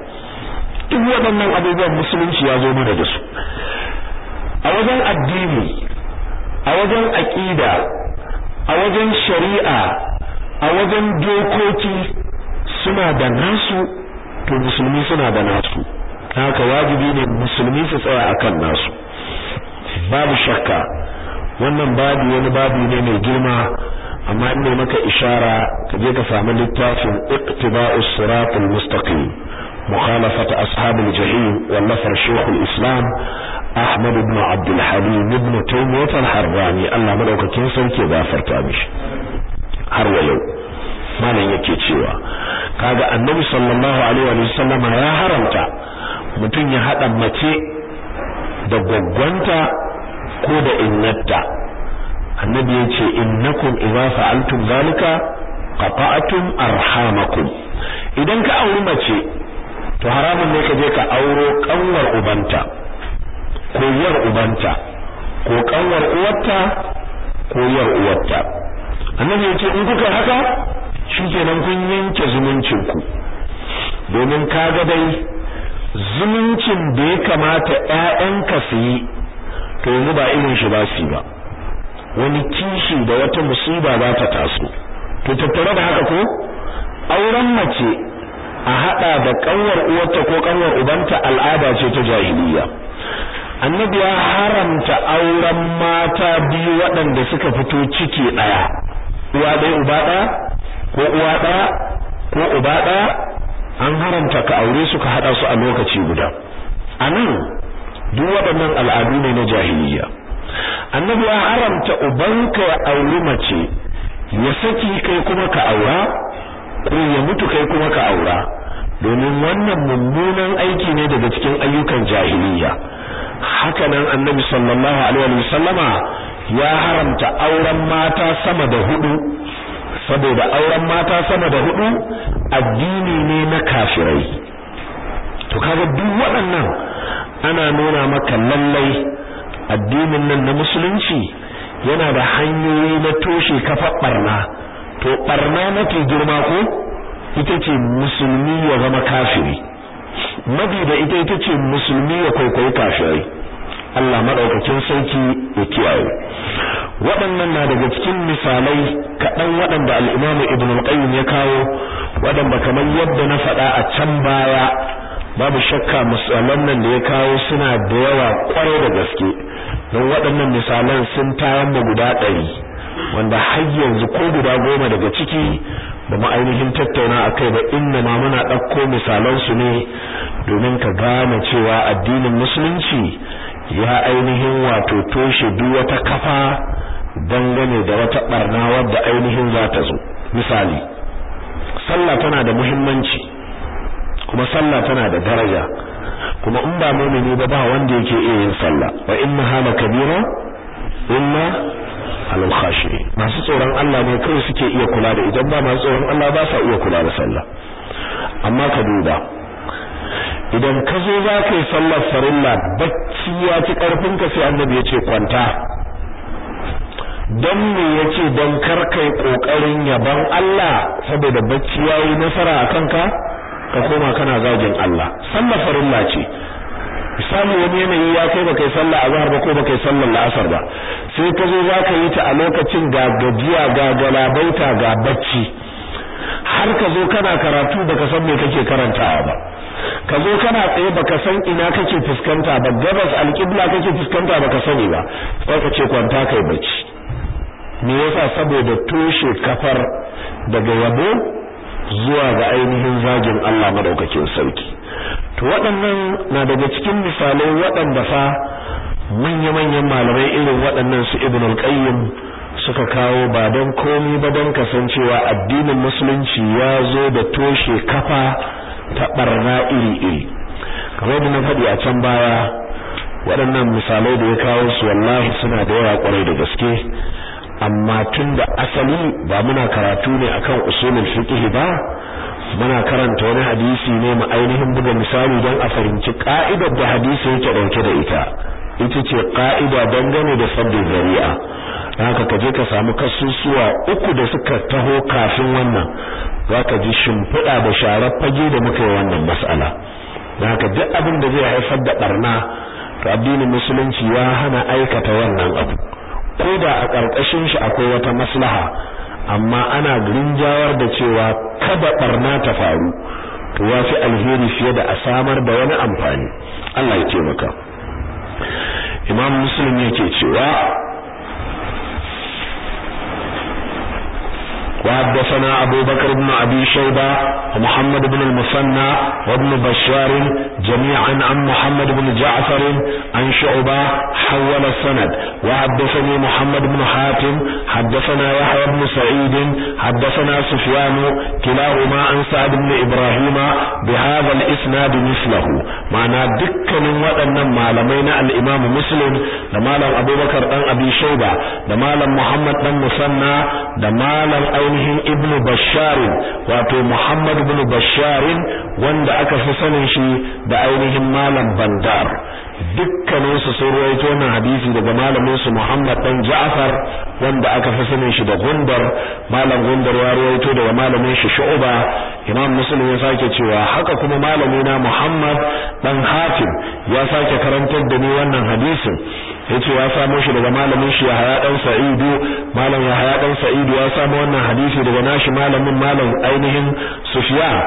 duk waɗannan abubuwan musulunci ya zo mana da su a wajen addini a wajen aƙida a wajen shari'a a wajen dokoki suna da nasu to musulmi suna da nasu haka wajibi ne musulmi su tsaya a kan nasu babu shakka wannan babu wani babu ne mai girma amma in maka ishara ka je ka samu littafin iqtiba'us siratul mustaqim مخالفة أصحاب الجحيم والنصر شيخ الإسلام أحمد بن عبد الحليم بن تيمية الحراني الله ملوك كنسل كذا فرتامش هروا يوم malam yake cewa kaga annabi sallallahu alaihi wa sallam ya haramta mutum ya hada mace da gwaggwanta ko da innata annabi yace innakum idza fa'altum zalika qata'tum arhamakum idan ka auri mace to haramun ne ka je ka auro kanwar ubanta ko yar ubanta ko kanwar uwarta ko yar uwarta annabi ya ce in kuka haka shi shikenan kun yanke zumuncin ku domin ga dai zumuncin da ya kamata ƴaƴanka su yi to yanzu ba irin shi ba su ba wani kishi da wata musiba za ta taso to tattare da haka ko auren mace a haɗa da ƙanwar uwarta ko ƙanwar ubanta al'ada ce ta jahiliya annabi ya haramta auren mata biyu waɗanda suka fito ciki ɗaya uwa ɗaya uba ɗaya ko uwa ɗaya ko uba ɗaya an haramta ka aure su ka haɗa su a lokaci guda anan duk waɗannan al'adu ne na jahiliya annabi ya haramta ubanka ya auri mace ya saki kai kuma ka aura ko ya mutu kai kuma ka aura domin wannan mummunan aiki ne daga cikin ayyukan jahiliya hakanan annabi sallallahu alaihi sallama ya haramta auren mata sama da hudu saboda auren mata sama da hudu addini ne na kafirai to kaga duk waɗannan ana nuna maka lallai addinin nan na musulunci yana da hanyoyi na toshe kafa barna to barna mafi girma ko ita ce musulmi ya zama kafiri mabi da ita ita ce musulmi ya kwaikwayi kafiri. Allah maɗaukacin sauki ya kiyaye waɗannan na daga cikin misalai kaɗan waɗanda al'imamu ibn al ya kawo waɗanda kamar yadda na faɗa a can baya babu shakka misalan nan da ya kawo suna da yawa ƙwarai da gaske don waɗannan misalan sun tayar da guda ɗari wanda har yanzu ko guda goma daga ciki ba mu ainihin tattauna a kai ba inna ma muna ɗauko misalansu ne domin ka gane cewa addinin musulunci ya ainihin wato toshe duk wata kafa dangane da wata ɓarna wadda ainihin za ta zo misali sallah tana da muhimmanci kuma sallah tana da daraja kuma in ba mu'mini ba ba wanda yake iya yin sallah wa inna hala kabira inna alal khashi masu tsoron Allah ne kai suke iya kula da idan ba masu tsoron Allah ba sa iya kula da sallah amma ka duba idan ka zo za ka yi sallar farilla bacci ya ci karfin ka sai annabi ya ce kwanta don me yace don kar kai kokarin yaban Allah saboda bacci yayi nasara akan ka ka koma kana zagin Allah sallar farilla ce samun wani yanayi ya kai baka yi sallah zahar ba ko baka yi sallar la'asar ba sai ka zo zaka yi ta a lokacin ga gajiya ga galabaita ga bacci har ka zo kana karatu baka san me kake karantawa ba ka zo kana tsaye baka san ina kake fuskanta ba gabas alƙibla kake fuskanta baka sani ba sai ka ce kwanta kai bacci me yasa saboda toshe kafar daga yabo zuwa ga ainihin zagin Allah madaukakin sarki to waɗannan na daga cikin misalai waɗanda fa manya-manyan malamai irin waɗannan su ibn al-qayyim suka kawo ba don komi ba don kasancewa addinin musulunci ya zo da toshe kafa ta barna iri-iri kamar da na faɗi a can baya waɗannan misalai da ya kawo su wallahi suna da yawa kwarai da gaske amma tun da asali ba muna karatu ne akan usulul fiqh ba muna karanta wani hadisi ne ma ainihin buga misali don a fahimci ka'idar da hadisi yake dauke da ita ita ce ka'ida dangane da sabbin zari'a haka ka je ka samu kasusuwa uku da suka taho kafin wannan zaka ji shimfiɗa da sharar fage da muka yi wannan mas'ala haka duk abin da zai haifar da ɓarna to addinin musulunci ya hana aikata wannan abu ko da a ƙarƙashin shi akwai wata maslaha amma ana rinjawar da cewa kada barna ta faru to ya alheri fiye da a samar da wani amfani Allah ya taimaka Imam Muslim yake cewa وحدثنا أبو بكر بن أبي شيبة ومحمد بن المثنى وابن بشار جميعا عن محمد بن جعفر عن شعبة حول السند وحدثني محمد بن حاتم حدثنا يحيى بن سعيد حدثنا سفيان كلاهما عن سعد بن إبراهيم بهذا الإسناد مثله معنى دكا من وأن معلمين الإمام مسلم لم أبو بكر بن أبي شيبة لما لم محمد بن مثنى لما أي ainihin ibn basharin wato muhammad ibn basharin wanda aka fi sanin shi da ainihin malam bandar Dukkaninsu sun ruwaito wannan hadisi daga malamin Muhammad dan Ja'far wanda aka fi sanin shi da Gundar malam Gundar ya ruwaito daga malamin shi Shu'ba Imam Muslim ya sake cewa haka kuma malamina Muhammad ɗan hafiz ya sake karantar da ni wannan hadisin yace ya samo shi daga malamin shi Yahya dan Sa'idu malam Yahya dan Sa'idu ya samo wannan hadisi daga nashi malamin malam ainihin Sufyan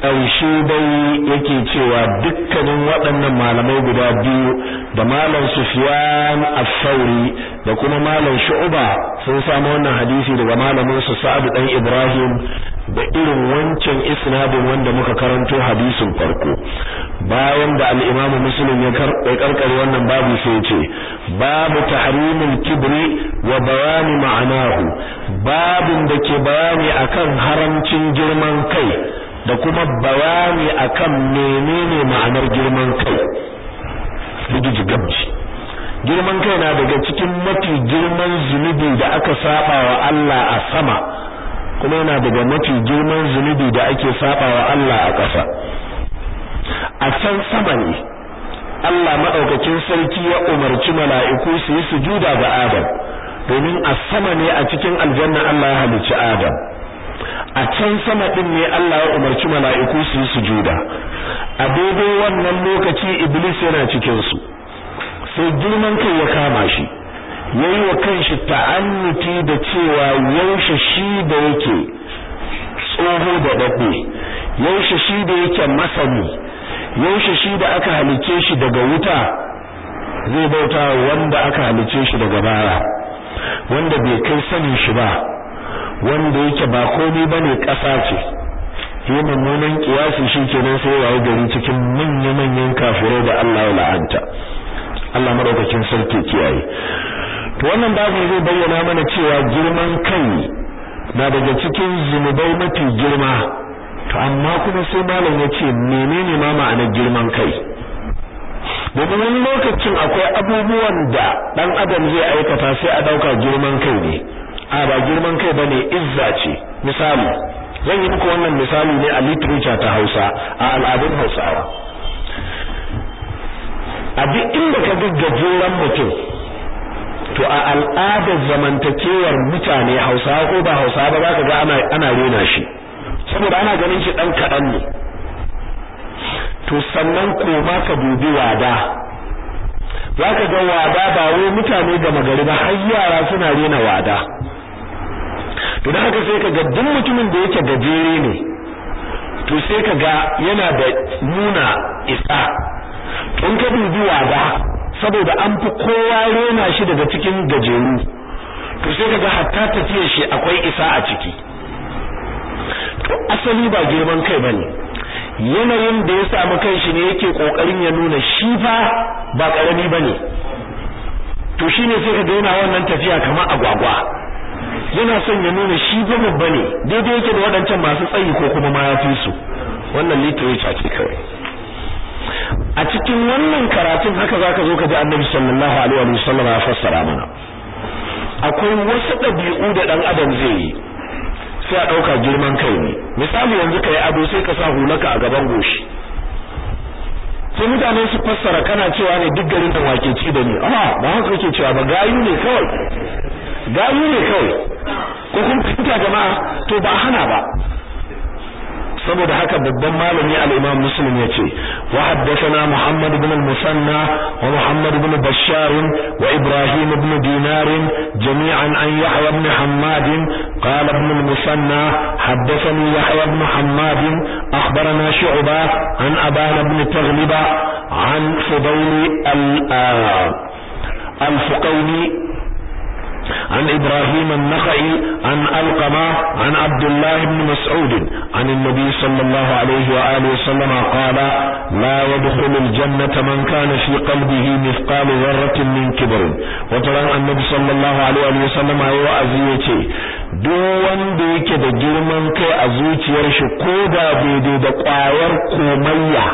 ƙarshe dai yake cewa dukkanin waɗannan malamai guda biyu da malam Sufyan as-Sauri da kuma malam Shu'ba sun samu wannan hadisi daga malamin su sa'adu dan Ibrahim da irin wancan isnadin wanda muka karanto hadisin farko bayan da al-Imam Muslim ya karkare wannan babu sai ya ce babu tahrimul kibri wa bayan ma'anahu babin da ke bayani akan haramcin girman kai da kuma bayani akan menene ma'anar girman kai rigiji girman kai na daga cikin mafi girman zunubi da aka saba wa Allah a sama kuma yana daga mafi girman zunubi da ake saba wa Allah a ƙasa a can sama ne Allah madaukakin sarki ya umarci mala'iku su yi sujuda ga Adam domin a sama ne a cikin aljanna Allah ya halicci Adam a can sama din ne Allah ya umarci mala'iku su yi sujuda a daidai wannan lokaci iblis yana cikin su sai girman kai ya kama shi yayi wa kanshi ta'annuti da cewa yaushe shi da yake tsoho da dabbe yaushe shi da yake masani yaushe shi da aka halice shi daga wuta zai bauta wanda aka halice shi daga bara wanda bai kai sanin shi ba wanda yake ba komai bane ƙasa ce yi mummunan kiyasi shikenan sai yayi gari cikin manya-manyan kafirai da Allah ya la'anta Allah madaukakin sarki kiyaye to wannan babu zai bayyana mana cewa girman kai na daga cikin zunubai mafi girma to amma kuma sai malam ya ce menene ma ma'anar girman kai domin wani lokacin akwai abubuwan da dan adam zai aikata sai a dauka girman kai ne a ba girman kai bane izza ce misali zan yi muku wannan misali ne a literature ta Hausa a al'adun Hausawa a duk inda ka ga jiran mutum to a al'adar zamantakewar mutane Hausawa ko ba Hausawa ba zaka ga ana ana rena shi saboda ana ganin shi dan kadan ne to sannan koma ka dubi wada zaka ga wada ba wai mutane da magari ba har yara suna rena wada to da haka sai kaga duk mutumin da yake gajere ne to sai ka ga yana da nuna isa in ka dubi waga saboda an fi kowa rena shi daga cikin gajeru to sai ka ga hatta tafiyar shi akwai isa a ciki to asali ba girman kai bane yanayin da ya samu kai shi ne yake kokarin ya nuna shi fa ba karami bane to shine sai ka ga yana wannan tafiya kamar agwagwa yana son ya nuna shi ba babba ne daidai yake da waɗancan masu tsayi ko kuma ma ya fi su wannan literature ce kawai a cikin wannan karatun haka zaka zo ka ji annabi sallallahu alaihi wa sallam ya fassara mana akwai wasu ɗabi'u da ɗan adam zai yi sai a ɗauka girman kai ne misali yanzu ka yi ado sai ka sa hulaka a gaban goshi sai mutane su fassara kana cewa ne duk garin da wake ci da ni amma ba haka kake cewa ba gayu ne kawai gayu ne kawai ko kun fahimta jama'a to ba hana ba saboda haka babban malami al-Imam Muslim yace wa haddathana Muhammad ibn al-Musanna wa Muhammad ibn Bashar wa Ibrahim ibn Dinar jami'an an Yahya ibn Hammad qala ibn al-Musanna haddathani Yahya ibn Hammad akhbarana Shu'ba an Aban ibn Taghliba an Fudayl al-Fuqayni عن إبراهيم النخعي عن ألقمة عن عبد الله بن مسعود عن النبي صلى الله عليه وآله وسلم قال لا يدخل الجنة من كان في قلبه مثقال ذرة من كبر وترى النبي صلى الله عليه وآله وسلم أيوة أزيتي duk wanda yake da girman kai a zuciyar shi ko da daidai da ƙwayar komayya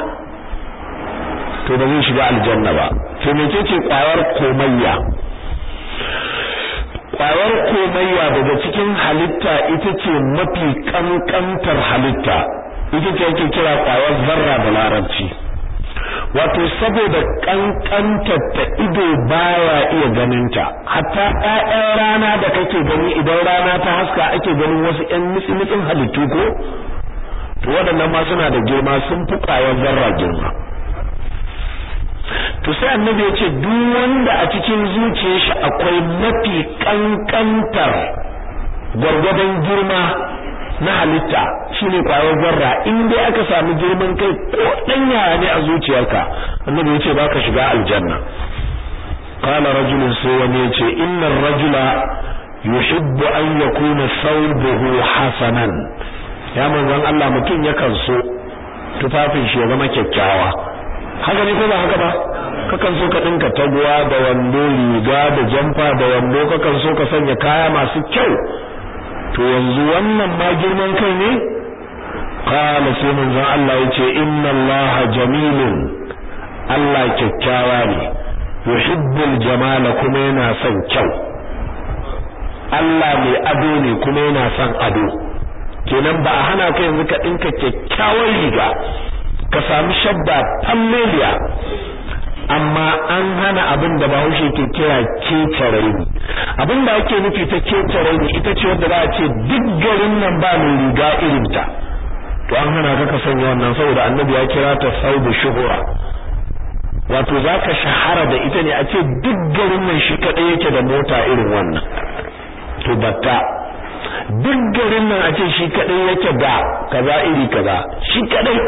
to ba zai shiga aljanna ba to mece ce ƙwayar komayya ƙwayar komaiwa daga cikin halitta ita ce mafi ƙanƙantar halitta ita ce ake kira ƙwayar zarra da larabci wato saboda ƙanƙantar ta ido baya iya ganinta hatta yayan rana da kake gani idan rana ta haska ake ganin wasu yan mitsi halittu ko to waɗannan ma suna da girma sun fi ƙwayar zarra girma to sai annabi ya ce duk wanda a cikin zuciyar shi akwai mafi kankantar gwargwadon girma na halitta shine kwayar zarra in dai aka samu girman kai ko dan yara ne a zuciyarka annabi ya ce baka shiga aljanna qala rajulun sai wani ya ce innar rajula yuhibbu an yakuna sawbuhu hasanan ya manzon Allah mutum yakan so tufafin shi ya zama kyakkyawa haka ne ko ba haka ba kakan so ka dinka taguwa da wando riga da jamfa da wando kakan so ka sanya kaya masu kyau to yanzu wannan ma girman kai ne qala sai manzon Allah yace inna Allah jamilun Allah kyakkyawa ne yuhibbul jamal kuma yana son kyau Allah mai ado ne kuma yana son ado kenan ba a hana ka yanzu ka dinka kyakkyawar riga ka sami shadda falleliya amma an hana abin da bahaushe ke kira kecare abin da ake nufi ta kecare ita ce wanda za a ce duk garin nan ba mai riga irin ta to an hana ka sanya wannan saboda annabi ya kira ta saubu shuhura wato za ka shahara da ita ne a ce duk garin nan shi kaɗai yake da mota irin wannan to batta duk garin nan a ce shi kadai yake da kaza iri kaza shi kadai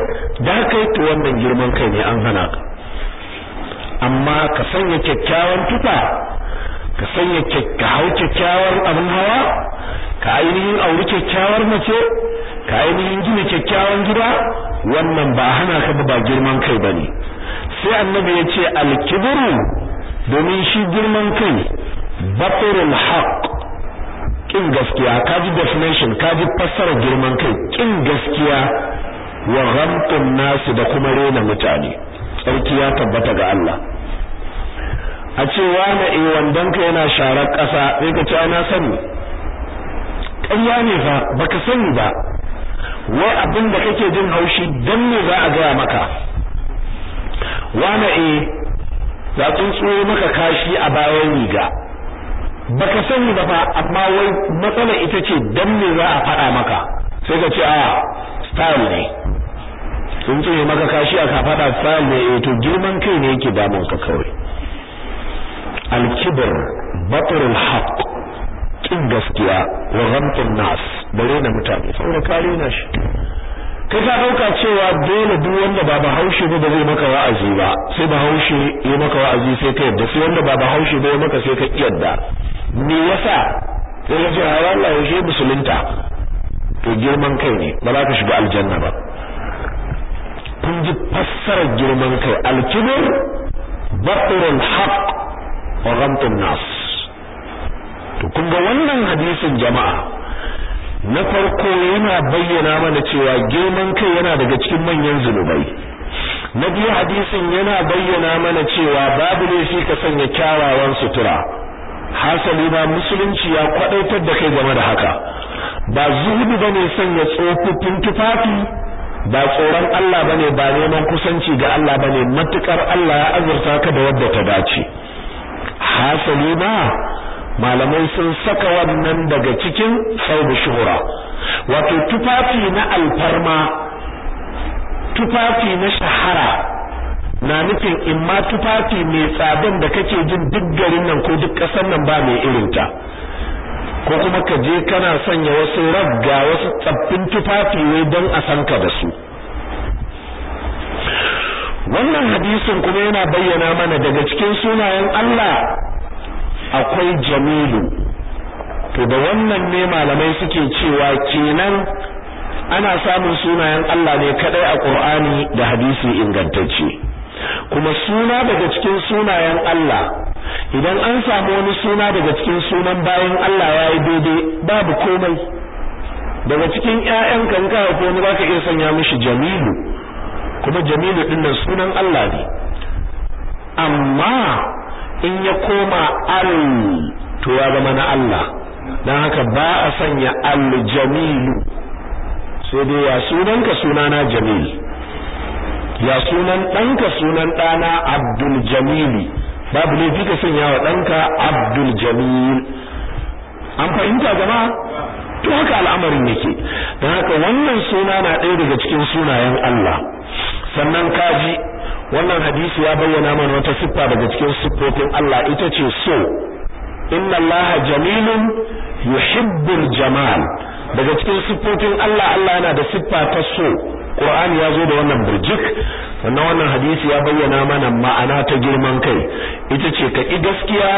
da kai to wannan girman kai ne an hana amma ka sanya kyakkyawan tufa ka sanya kyakkyawar kyakkyawar abin hawa ka ainihin auri kyakkyawar mace ka ainihin gina kyakkyawan gida wannan ba hana ka ba girman kai bane sai annabi ya ce al-kibru domin shi girman kai batrul haqq Ƙin gaskiya ka kaji definition ji fassarar girman kai ƙin gaskiya wa ghamtun nasu da kuma rena mutane tsarki ya tabbata ga Allah a ce wani e eh, wandon ka yana sharar ƙasa sai ka ce ana sani ƙarya ne fa baka sani ba wai abin da kake jin haushi dan ne za a gaya maka wani e. Eh, za tsoro maka kashi a bayan riga baka sani ba fa amma wai matsala ita ce dan me za a faɗa maka sai ka ce a ah, style ne sun ce maka kashi a ka faɗa style ne eh to girman kai ne yake damun ka kawai al-kibr batrul haqq kin gaskiya wa ghamtun nas bare na mutane saboda kare na shi kai ka dauka cewa dole duk wanda ba bahaushe ba zai maka wa'azi ba sai bahaushe ya maka wa'azi sai ka yadda sai wanda ba bahaushe ba ya maka sai ka yadda me yasa sai ka ce hawa Allah ya shi musulunta to girman kai ne ba za ka shiga aljanna ba kun ji fassara girman kai alkibir batrul haqq wa ghamtun nas to kun ga wannan hadisin jama'a na farko yana bayyana mana cewa girman kai yana daga cikin manyan zunubai na biyu hadisin yana bayyana mana cewa babu laifi ka sanya kyawawan sutura hasali ba musulunci ya kwadaitar da kai game da haka ba zuhudu bane sanya tsofaffin tufafi ba tsoron Allah bane ba neman kusanci ga Allah bane matukar Allah ya azurta ka da wadda ta dace hasali ba malamai sun saka wannan daga cikin saubu shuhura wato tufafi na alfarma tufafi na shahara na nufin in ma tufafi mai tsadan da kake jin duk garin nan ko duk ƙasar nan ba mai irinta ko kuma ka je kana sanya wasu ragga wasu tsaffin tufafi wai don a san ka da su wannan hadisin kuma yana bayyana mana daga cikin sunayen Allah akwai jamilu to da wannan ne malamai suke cewa kenan ana samun sunayen Allah ne kadai a Qur'ani da hadisi ingantacce kuma suna daga cikin sunayen Allah idan an samu wani suna daga cikin sunan bayan Allah ya yi daidai babu komai daga cikin ƴaƴan kanka ko wani baka iya sanya mishi Jamilu kuma Jamilu din sunan Allah ne amma in ya koma al to ya zama na Allah dan haka ba a sanya al jamilu sai dai ya sunanka sunana jamil ya sunan ɗanka sunan ɗana abdul babu ne ka sanya wa ɗanka abdul jamil an fahimta jama'a to haka al'amarin yake dan haka wannan suna na ɗaya daga cikin sunayen Allah sannan kaji wannan hadisi ya bayyana mana wata siffa daga cikin siffofin Allah ita ce so inna Allah jamilun yuhibbul jamal daga cikin siffofin Allah Allah yana da siffa ta so Qur'ani ya zo da wannan burjik sannan wannan hadisi ya bayyana mana ma'ana ta girman kai ita ce ka ki gaskiya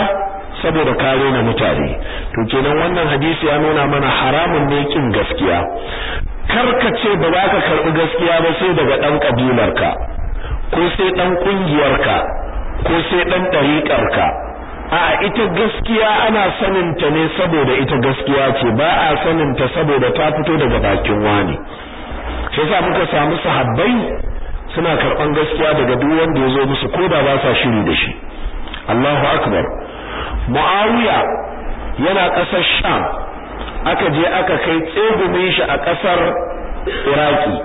saboda kare na mutane to kenan wannan hadisi ya nuna mana haramun ne kin gaskiya karkace ba za ka karbi gaskiya ba sai daga dan kabilarka ko sai dan kungiyarka ko sai dan dariƙarka a ita gaskiya ana sanin ta ne saboda ita gaskiya ce ba a sanin ta saboda ta fito daga bakin wani shi yasa muka samu sahabbai suna karban gaskiya daga duk wanda ya zo musu ko da ba sa shiri da shi Allahu akbar Muawiya yana ƙasar Sham aka je aka kai tsegumin shi a ƙasar Iraki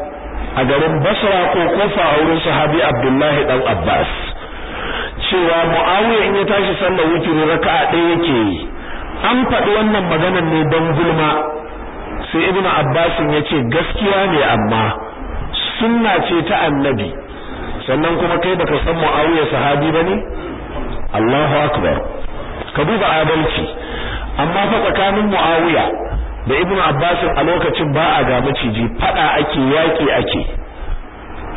a garin basra ko kofa a wurin sahabi abdullahi dan abbas cewa muawiya in ya tashi sallar raka raka'a ɗaya yake yi an faɗi wannan maganar ne don gulma sai ibn abbas ya ce gaskiya ne amma sunna ce ta annabi sannan kuma kai baka san muawiya sahabi ne? Allahu akbar ka duba adalci amma fa tsakanin muawiya da ibnu abbas a lokacin ba a ga maciji fada ake yaki ake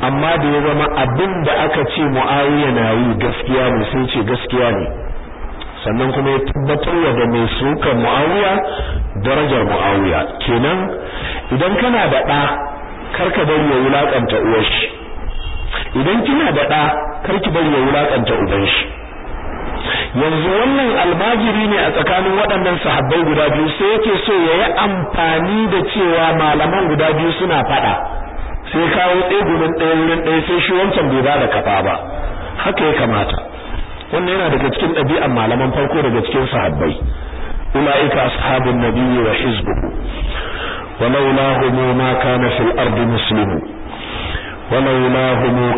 amma da ya zama abin da aka ce muawiya na yi gaskiya ne sai ce gaskiya ne sannan kuma ya tabbatar da mai suka muawiya darajar muawiya kenan idan kana da da karka bari ya wulakanta uwar shi idan kina da da karki bari ya wulaƙanta uban shi yanzu wannan almajiri ne a tsakanin waɗannan sahabbai guda biyu sai yake so ya yi amfani da cewa malaman guda biyu suna faɗa sai kawo ɗaya gumin ɗaya wurin ɗaya sai shi wancan bai ba da kafa ba haka ya kamata wannan yana daga cikin ɗabi'an malaman farko daga cikin sahabbai ulaika ashabun nabiyyi wa hizbuhu ولولاهم ما كان في الأرض مسلم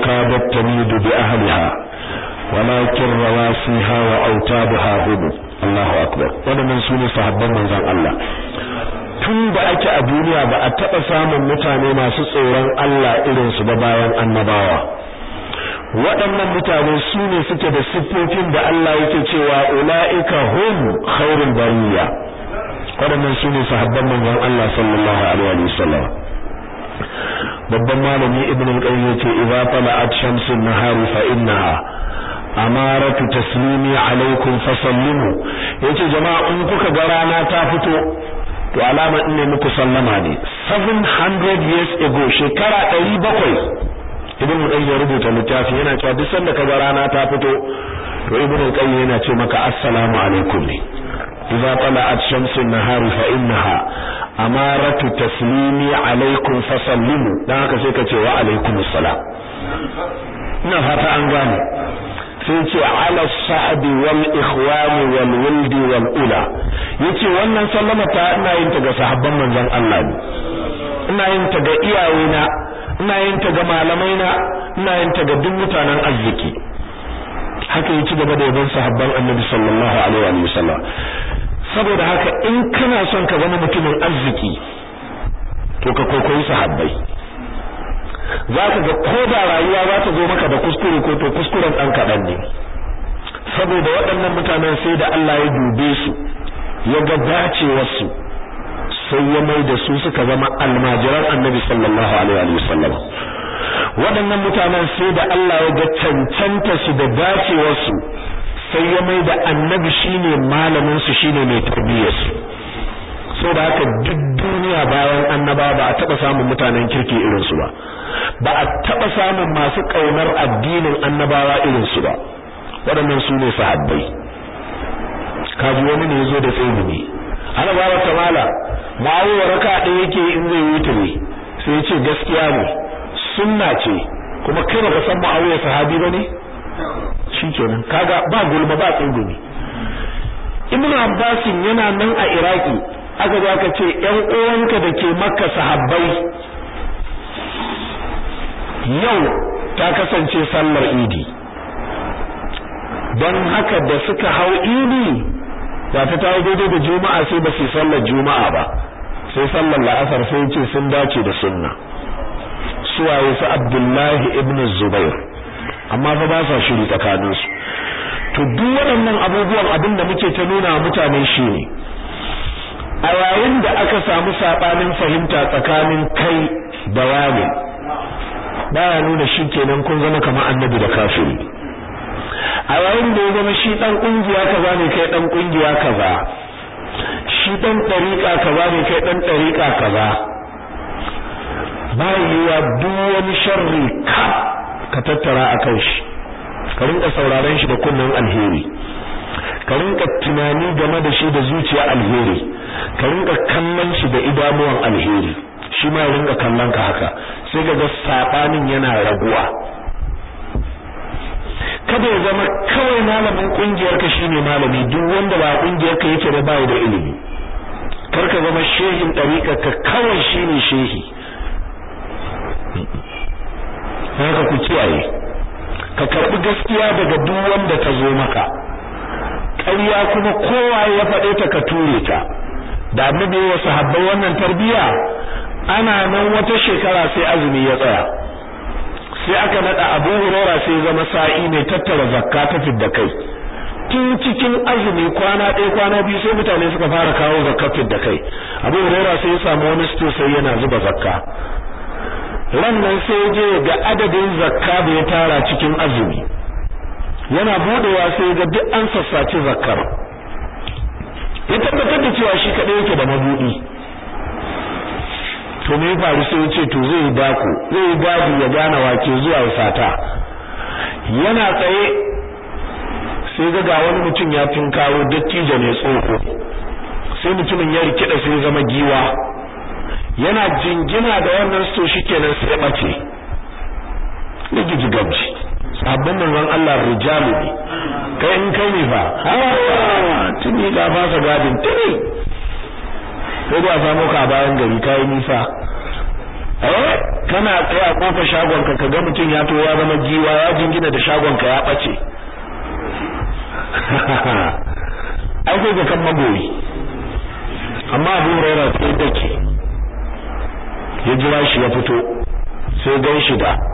kadat tamidu bi ahliha walakin rawasiha wa autabuha hudu Allahu akbar wadannan sune من ذا Allah tun da ake a duniya ba a taba samun mutane masu tsoron Allah irin su ba bayan annabawa waɗannan mutane su ne suke da siffofin da Allah yake cewa ulaika hum khairul bariya waɗannan su ne sahabban manzon Allah sallallahu alaihi wasallam babban malami ibnu al-qayyim yace idza tala'at shamsun nahari fa innaha amaratu taslimi alaikum fasallimu yace jama'a in kuka ga rana ta fito to alama in ne muku sallama ne 700 years ago shekara 700 ibn mudayyir ya rubuta littafi yana cewa duk sanda ka ga rana ta fito to ibn al-qayyim yana ce maka assalamu alaikum ne idza tala'at shamsu nahari fa innaha amaratu taslimi alaikum fasallimu dan haka sai ka ce wa alaikumus salam ina fata an gane sai ce ala sa'adi wal ikhwani wal wuldi wal ula yace wannan sallama ta ina yin ta ga sahabban manzon Allah ne ina yin ta ga iyayena ina yin ta ga malamaina ina yin ta ga duk mutanen arziki haka ya ci gaba da yaban sahabban annabi sallallahu alaihi wa sallam saboda haka in kana son ka zama mutumin arziki to ka kwaikwayi sahabbai za ka ga ko da rayuwa za ta zo maka da kuskure ko to kuskuren dan kaɗan ne saboda waɗannan mutanen sai da Allah ya dube su ya ga dacewar su sai ya mai da su suka zama almajiran annabi sallallahu alaihi wa sallam waɗannan mutanen sai da Allah ya ga cancanta su da dacewar su sai ya mai da annabi shine malamin su shine mai tarbiyyar su so da haka duk duniya bayan annaba ba a taba samun mutanen kirki irin su ba ba a taba samun masu kaunar addinin annabawa irin su ba waɗannan su ne sahabbai kaji wani ne yazo da tsibiri ana ba wa tamala ma'awuwa raka da yake in zai yi tare sai ce gaskiya ne sunna ce kuma kai ba ka san ma'awuwa sahabi bane shikenan kaga ba gulma ba tsibiri ibn abbasin yana nan a iraki aka za aka ce ‘yan uwanka da ke maka sahabbai yau ta kasance sallar idi don haka da suka hau idi ba ta ta daidai da juma'a sai ba su sallar juma'a ba sai sallar la'asar sai ce sun dace da sunna suwaye su abdullahi ibn zubair amma fa ba sa shiri tsakaninsu to duk waɗannan abubuwan abinda da muke ta nuna mutane shi ne a yayin da aka samu saɓanin fahimta tsakanin kai da wani ya nuna shi kenan kun zama kamar annabi da kafiri a yayin da ya zama shi dan kungiya kaza ne kai dan kungiya kaza shi dan ɗariƙa kaza ne kai dan ba. kaza yiwa duk wani sharri ka ka tattara a kan shi ka rinka sauraron shi da kunnen alheri ka rinka tunani game da shi da zuciya alheri ka rinka kallon shi da idanuwan alheri shi ma rinka kallon ka haka sai ka ga sabanin yana raguwa kada ya zama kawai malamin kungiyar ka shine malami duk wanda ba kungiyar ka yake da bai da ilimi kar ka zama shehin dariƙar ka kawai shine shehi haka ku kiyaye ka karbi gaskiya daga duk wanda ta zo maka ƙarya kuma kowa ya faɗe ta ka ture ta da annabi wa sahabbai wannan tarbiya ana nan wata shekara sai azumi ya tsaya sai aka nada Abu Hurairah sai zama sa'i mai tattara zakka ta fidda kai tun cikin azumi kwana ɗaya kwana biyu sai mutane suka fara kawo zakka fidda kai Abu Hurairah sai ya samu wani sto sai yana zuba zakka ran nan sai je ga adadin zakka da ya tara cikin azumi yana budewa sai ga duk an sassaci zakkar ya tabbatar da cewa shi kadai yake da mabudi to me faru sai ya ce to zai dako zai gadi ya gane wake zuwa sata yana tsaye sai ga ga wani mutum ya tinkawo dattijo ne tsoko sai mutumin ya rikida sai zama giwa yana jingina da wannan sto shikenan sai ya bace da gabji. sabon manzon Allah rijalu ne kai in kai ne fa tuni ka fasa gadin tuni sai ba samu ka bayan gari kai nisa eh kana tsaya kofa shagon ka ga mutum ya to ya zama jiwa ya jingina da shagon ka ya bace ai ko ga kan magoyi amma Abu Hurairah sai dake ya jira shi ya fito sai gan shi da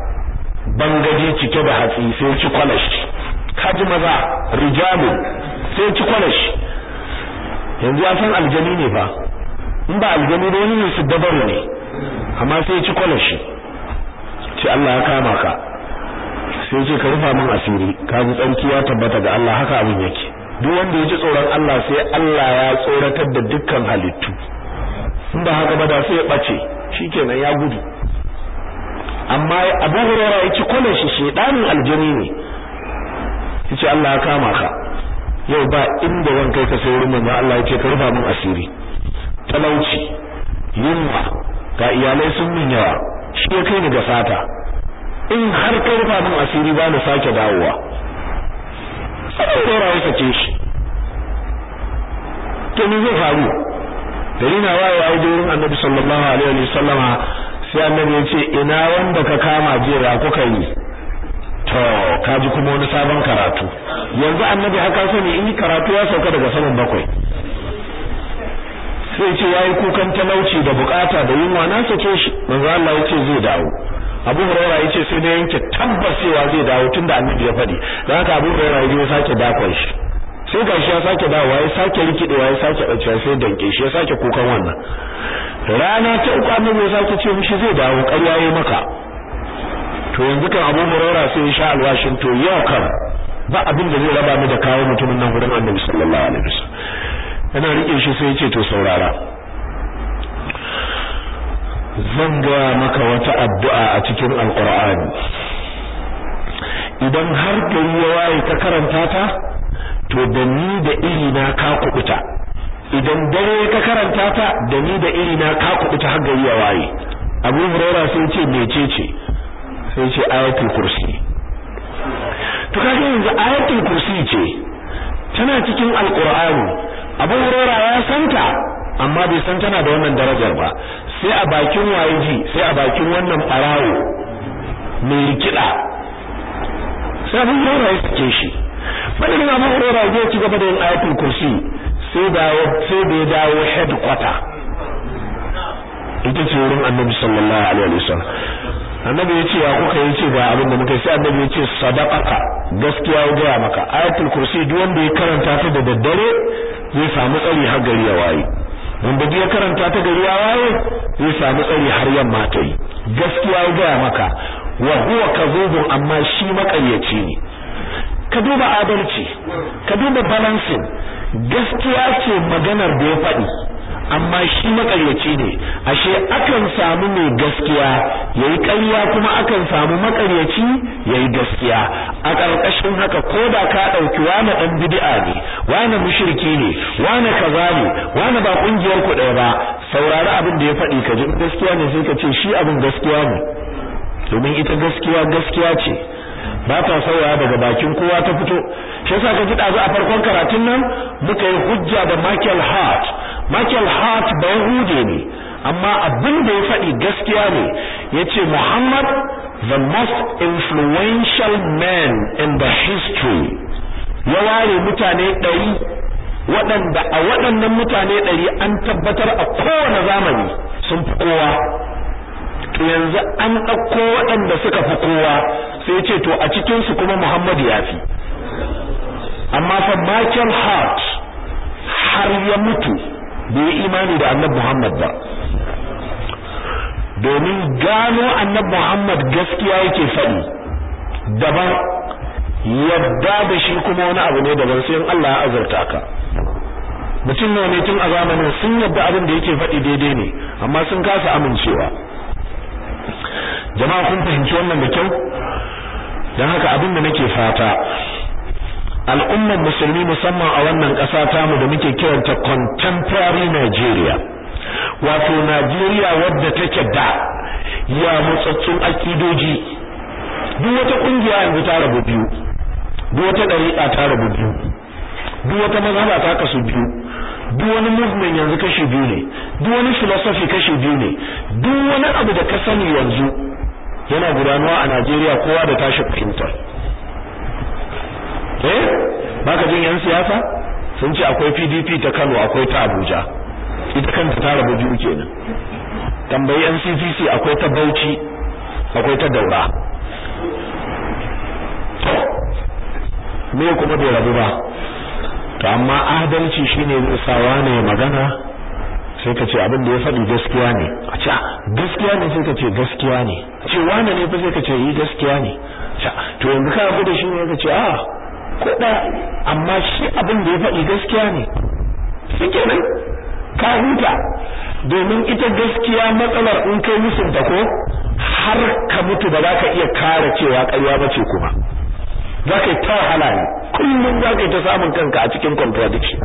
Bangaje cike da hatsi sai ci kwalashi kaji maza rijalu sai ci kwalashi yanzu ya san aljani ne fa in ba aljani da wani ne su dabaru ne amma sai ci kwalashi ce Allah ya kama ka sai ce ka rufa min asiri ka ji tsarki ya tabbata ga Allah haka abin yake duk wanda ya ji tsoron Allah sai Allah ya tsoratar da dukkan halittu in ba haka ba da sai ya bace shikenan ya gudu amma Abu Hurairah ya ci kwalan shi shedanin aljini ne yace Allah ya kama ka yau ba inda zan kai ka sai wurin manzo Allah ce ka rufa min asiri talauci yunwa ga iyalai sun min yawa shi ya kai ni ga sata in har ka rufa min asiri ba na sake dawowa sai da rawa sace shi to ni zai faru dalina waye ai da wurin Annabi sallallahu alaihi wasallama sai annabi ya ce ina wanda ka kama jera kuka yi to kaji kuma wani sabon karatu yanzu annabi haka sani in karatu ya sauka daga saman bakwai sai ce yayi kukan talauci da bukata da yunwa na sake shi manzo Allah ce zai dawo Abu Hurairah yace sai da yanke tabbacewa zai dawo tunda annabi ya fadi dan haka Abu Hurairah ya sake dakon shi sai ga shi ya sake dawowa ya sake rikidewa ya sake bacewa sai danke shi ya sake kukan wannan rana ta uku annabi ya sake ce mishi zai dawo ƙarya ya maka to yanzu kan Abu murara sai ya sha alwashin to yau kan ba abin da zai raba mu da kawo mutumin nan gurin annabi sallallahu alaihi wasallam yana rike shi sai ya ce to saurara zan ga maka wata addu'a a cikin alqur'ani idan har gari ya waye ka karanta ta to da ni da iri na ka kubuta idan dare ka karanta ta da ni da iri na ka kubuta har gari ya waye Abu Hurairah sai ce mecece sai ce ayatul kursi to kaga yanzu ayatul kursi ce tana cikin alqur'ani Abu hurara ya santa amma bai san tana da wannan darajar ba sai a bakin waye ji sai a bakin wannan farawo mai kida sai Abu Hurairah ya sake shi sai ma Abu Hurairah ya ci gaba da yin ayatul kursi sai da sai da ya dawo headquarter ita ce wurin Annabi sallallahu alaihi wasallam Annabi ya ce ya kuka yi ce ga abin da muka sai Annabi ya ce sadaqaka gaskiya ya gaya maka ayatul kursi duk wanda ya karanta ta da daddare zai samu tsari har gari ya waye wanda ya karanta ta gari ya waye zai samu tsari har yamma ta yi gaskiya ya gaya maka wa huwa kadhubun amma shi makaryaci ne ka duba adalci ka duba balancing gaskiya ce maganar da ya faɗi amma shi makaryaci ne ashe akan samu mai gaskiya yayi ƙarya kuma akan samu makaryaci yayi gaskiya a ƙarƙashin haka ko da ka ɗauki wani ɗan bid'a ne wani mushriki ne wani kaza ne wani ba ƙungiyar ku ɗaya ba saurari abin da ya faɗi ka ji gaskiya ne sai ka ce shi abin gaskiya ne domin ita gaskiya gaskiya ce ba ta sauya daga bakin kowa ta fito shi yasa ka ji dazu a farkon karatun nan muka yi hujja da Michael Hart Michael Hart ba Yahude ne amma abin da ya faɗi gaskiya ne yace Muhammad the most influential man in the history ya ware mutane ɗari waɗanda a waɗannan mutane ɗari an tabbatar a kowane zamani sun fi kowa to yanzu an ɗauko waɗanda suka fi kowa sai ce to a cikinsu kuma Muhammad ya fi amma fa Michael Hart har ya mutu bai yi imani da Annabu Muhammad ba domin gano annabi Muhammad gaskiya yake faɗi daban yadda da shi kuma wani abu ne daban sai Allah ya azurta ka mutum ne tun a zamanin sun yadda abin da yake faɗi daidai ne amma sun kasa amincewa jama'a kun fahimci wannan da kyau don haka abin da nake fata al'ummar musulmi musamman a wannan ƙasa ta mu da muke kiranta contemporary Nigeria wato Najeriya wadda take da ya mutsatsun akidoji duk wata kungiya yanzu ta rabu biyu duk wata dariƙa ta rabu biyu duk wata mazhaba ta kasu biyu duk wani movement yanzu kashi biyu ne duk wani philosophy kashi biyu ne wani abu da ka sani yanzu yana gudanuwa a Najeriya kowa da tashi fahimtar eh baka jin yan siyasa sun ce akwai PDP ta Kano akwai ta Abuja ita kanta ta rabu biyu kenan tambayi yan CCC akwai ta Bauchi akwai ta Daura me kuma bai rabu ba to amma adalci shine zai ne magana sai ka ce abin da ya faɗi gaskiya ne a ce gaskiya ne sai ka ce gaskiya ne ce wane ne fa sai ka ce yi gaskiya ne ah, to yanzu ka gudu shi ne ka ce ah, a kuɗa amma shi abin da ya faɗi gaskiya ne shi kenan ka huta domin ita gaskiya matsalar in kai musunta ko har ka mutu ba za ka iya kare cewa ƙarya ba ce kuma za ka yi ta wahala ne kullum za ka yi ta samun kanka a cikin contradiction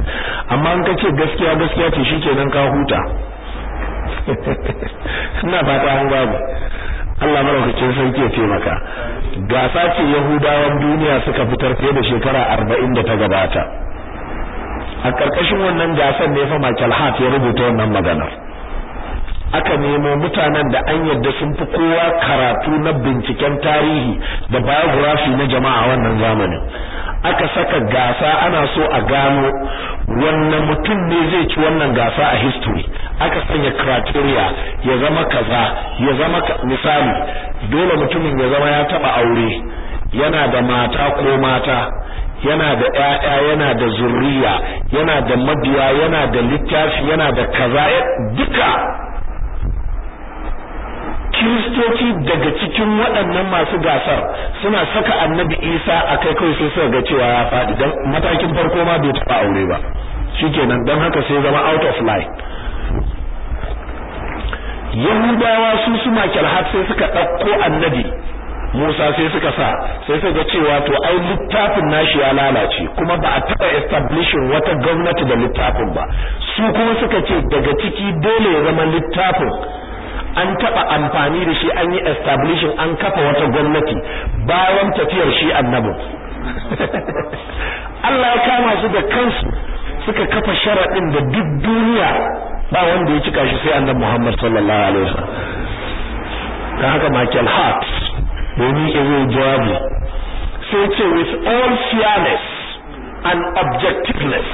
amma in ka ce gaskiya gaskiya ce shi kenan ka huta ina fata an babu Allah maraukacin sarki ya taimaka gasa ce yahudawan duniya suka fitar fiye da shekara arba'in da ta gabata a ƙarƙashin wannan gasar ne fa Michael Hart ya rubuta wannan maganar aka nemo mutanen da an yadda sun fi kowa karatu na binciken tarihi da biography na jama'a wannan zamanin aka saka gasa ana so a gano wannan mutum ne zai ci wannan gasa a history aka sanya criteria ya zama kaza ya zama misali dole mutumin ya zama ya taba aure yana da mata ko mata yana da ƴaƴa yana da zurriya yana da mabiya yana da littafi yana da kaza eh, duka kiristoci daga cikin waɗannan masu gasar suna saka annabi isa a kai kawai sai suka ga cewa ya faɗi don matakin farko ma bai taɓa aure ba shikenan don haka sai zama out of line yahudawa su su makil har sai suka ɗauko annabi musa sai suka sa sai suka ga cewa to ai littafin nashi ya lalace kuma ba a taɓa establishin wata gwamnati da littafin ba su kuma suka ce daga ciki dole ya zama littafin an taɓa amfani da shi an yi establishing an kafa wata gwamnati bayan tafiyar shi annabi Allah ya kama su da kansu suka kafa sharaɗin da duk duniya ba wanda ya cika shi sai annabi Muhammad sallallahu alaihi wasallam haka Michael Hart domin ya yi jawabi sai ce with all fairness and objectiveness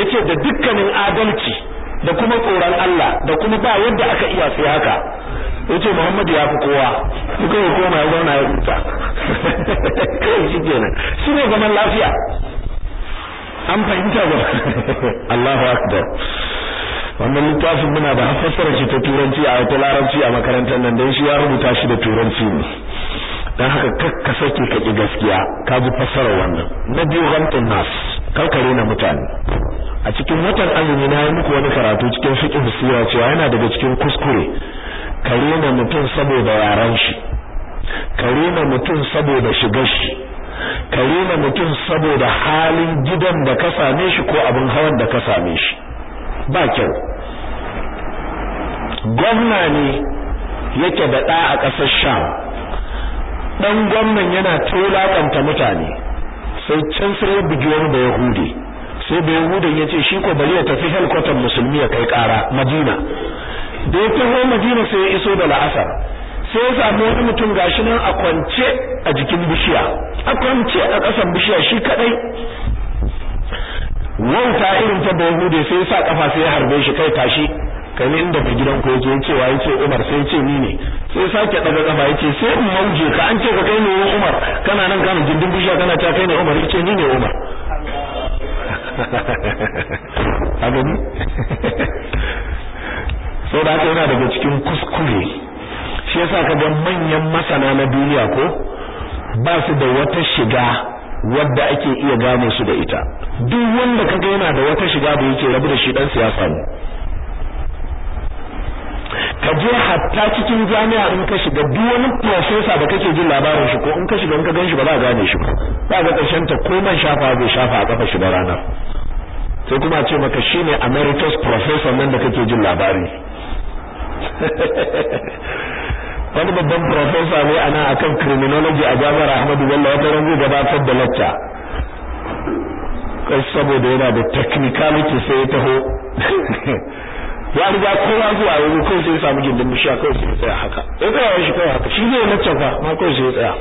yace da dukkanin adalci da kuma tsoron Allah da kuma ba yadda aka iya sai haka yace Muhammad ya fi kowa duka ya koma ya zauna ya kai shi kenan shi ne zaman lafiya an fahimta ba Allahu akbar wannan littafin muna da fassara shi ta turanci a wata larabci a makarantar nan dan shi ya rubuta shi da turanci ne dan haka kakka sake ka gaskiya ka bi fassarar wannan na biyu gantin nas karkare na mutane a cikin watan azumi na yi muku wani karatu cikin fiqh sira cewa yana daga cikin kuskure kare na mutum saboda yaran shi kare na mutum saboda shigar shi kare na mutum saboda halin gidan da ka same shi ko abin hawan da ka same shi ba kyau gwamna ne yake da ɗa a ƙasar sham ɗan gwamnan yana tolakanta mutane sai can sai ya bugi wani da yahudi sai da yahudan ya ce shi ko bari ya tafi helkwatan musulmi ya kai kara madina da ya taho madina sai ya iso da la'asar sai ya samu wani mutum gashi nan a kwance a jikin bishiya a kwance a kasan bishiya shi kadai wauta irin ta da yahudi sai ya sa kafa sai ya harbe shi kai tashi kan inda da gidan ko yake cewa yace Umar sai ce ni ne sai sake daga gaba yace sai in mauje ka an ce ka kai ne Umar kana nan kana jindin bishiya kana ta kai ne Umar yace ni ne Umar abin sau da haka yana daga cikin kuskure shi yasa ka ga manyan masana na duniya ko ba su da wata shiga wadda ake iya gane su da ita duk wanda kaga yana da wata shiga da yake rabu da shi dan siyasa ne ka je hatta cikin jami'a in ka shiga duk wani professor da kake jin labarin shi ko in ka shiga in ka ganshi ba za ka gane shi ba za ga karshen ta ko man shafa zai shafa a kafa shi da rana sai kuma ce maka shine emeritus professor nan da kake jin labari wani babban professor ne ana akan criminology a jami'ar Ahmadu Bello wata ran zai gabatar da lacca saboda yana da technicality sai ya taho ya riga kowa zuwa zo kai sai ya samu gindin bishiya kai sai ya tsaya haka ya tsaya shi kai haka shi zai laccan fa ma kai sai ya